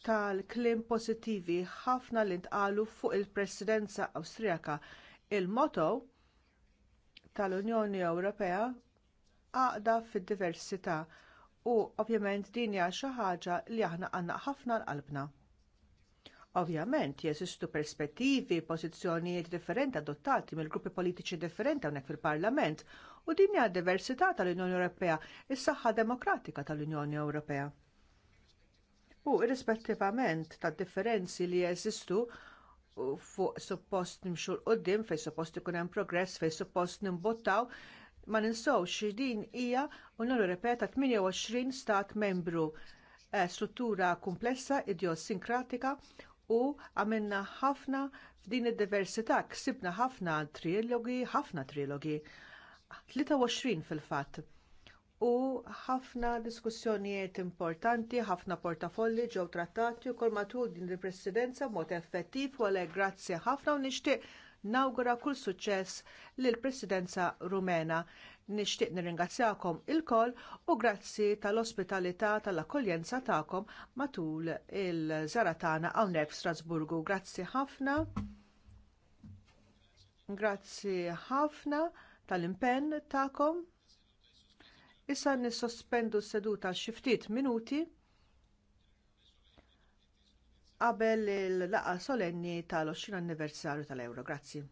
tal-klim pożittivi ħafna li ntqalu fuq il-Presidenza Awstrijaka. Il-motto tal-Unjoni Ewropea għaqda fid-diversità u ovvjament din hija xi ħaġa li aħna għandna ħafna l-qalbna. Ovvjament jeżistu perspettivi, pożizzjonijiet differenti adottati mill-gruppi politiċi differenti hawnhekk fil-Parlament u din hija d diversità tal-Unjoni Ewropea, is-saħħa demokratika tal-Unjoni Ewropea u irrispettivament tad differenzi li jeżistu fuq suppost nimxu l-qoddim, fej suppost ikun hemm progress, fej suppost nimbottaw, ma ninsawx din hija u nagħmlu ripeta 28 stat membru e, struttura komplessa, idiosinkratika u għamilna ħafna f'din id-diversità, ksibna ħafna trilogi, ħafna trilogi. 23 fil-fatt u ħafna diskussjonijiet importanti, ħafna portafolli ġew trattati u kol matul din il-presidenza mod effettiv u għalhekk grazzi ħafna u nixtieq nawgura kull suċċess lill presidenza rumena. Nixtieq nirringrazzjakom ilkoll u grazzi tal-ospitalità tal-akkoljenza tagħkom matul il-Zaratana hawnhekk f'Strasburgu. Grazzi ħafna. Grazzi ħafna tal-impenn tagħkom. Issa nissospendu s-seduta xi ftit minuti qabel il-laqa solenni tal-20 anniversarju tal-Euro. Grazzi.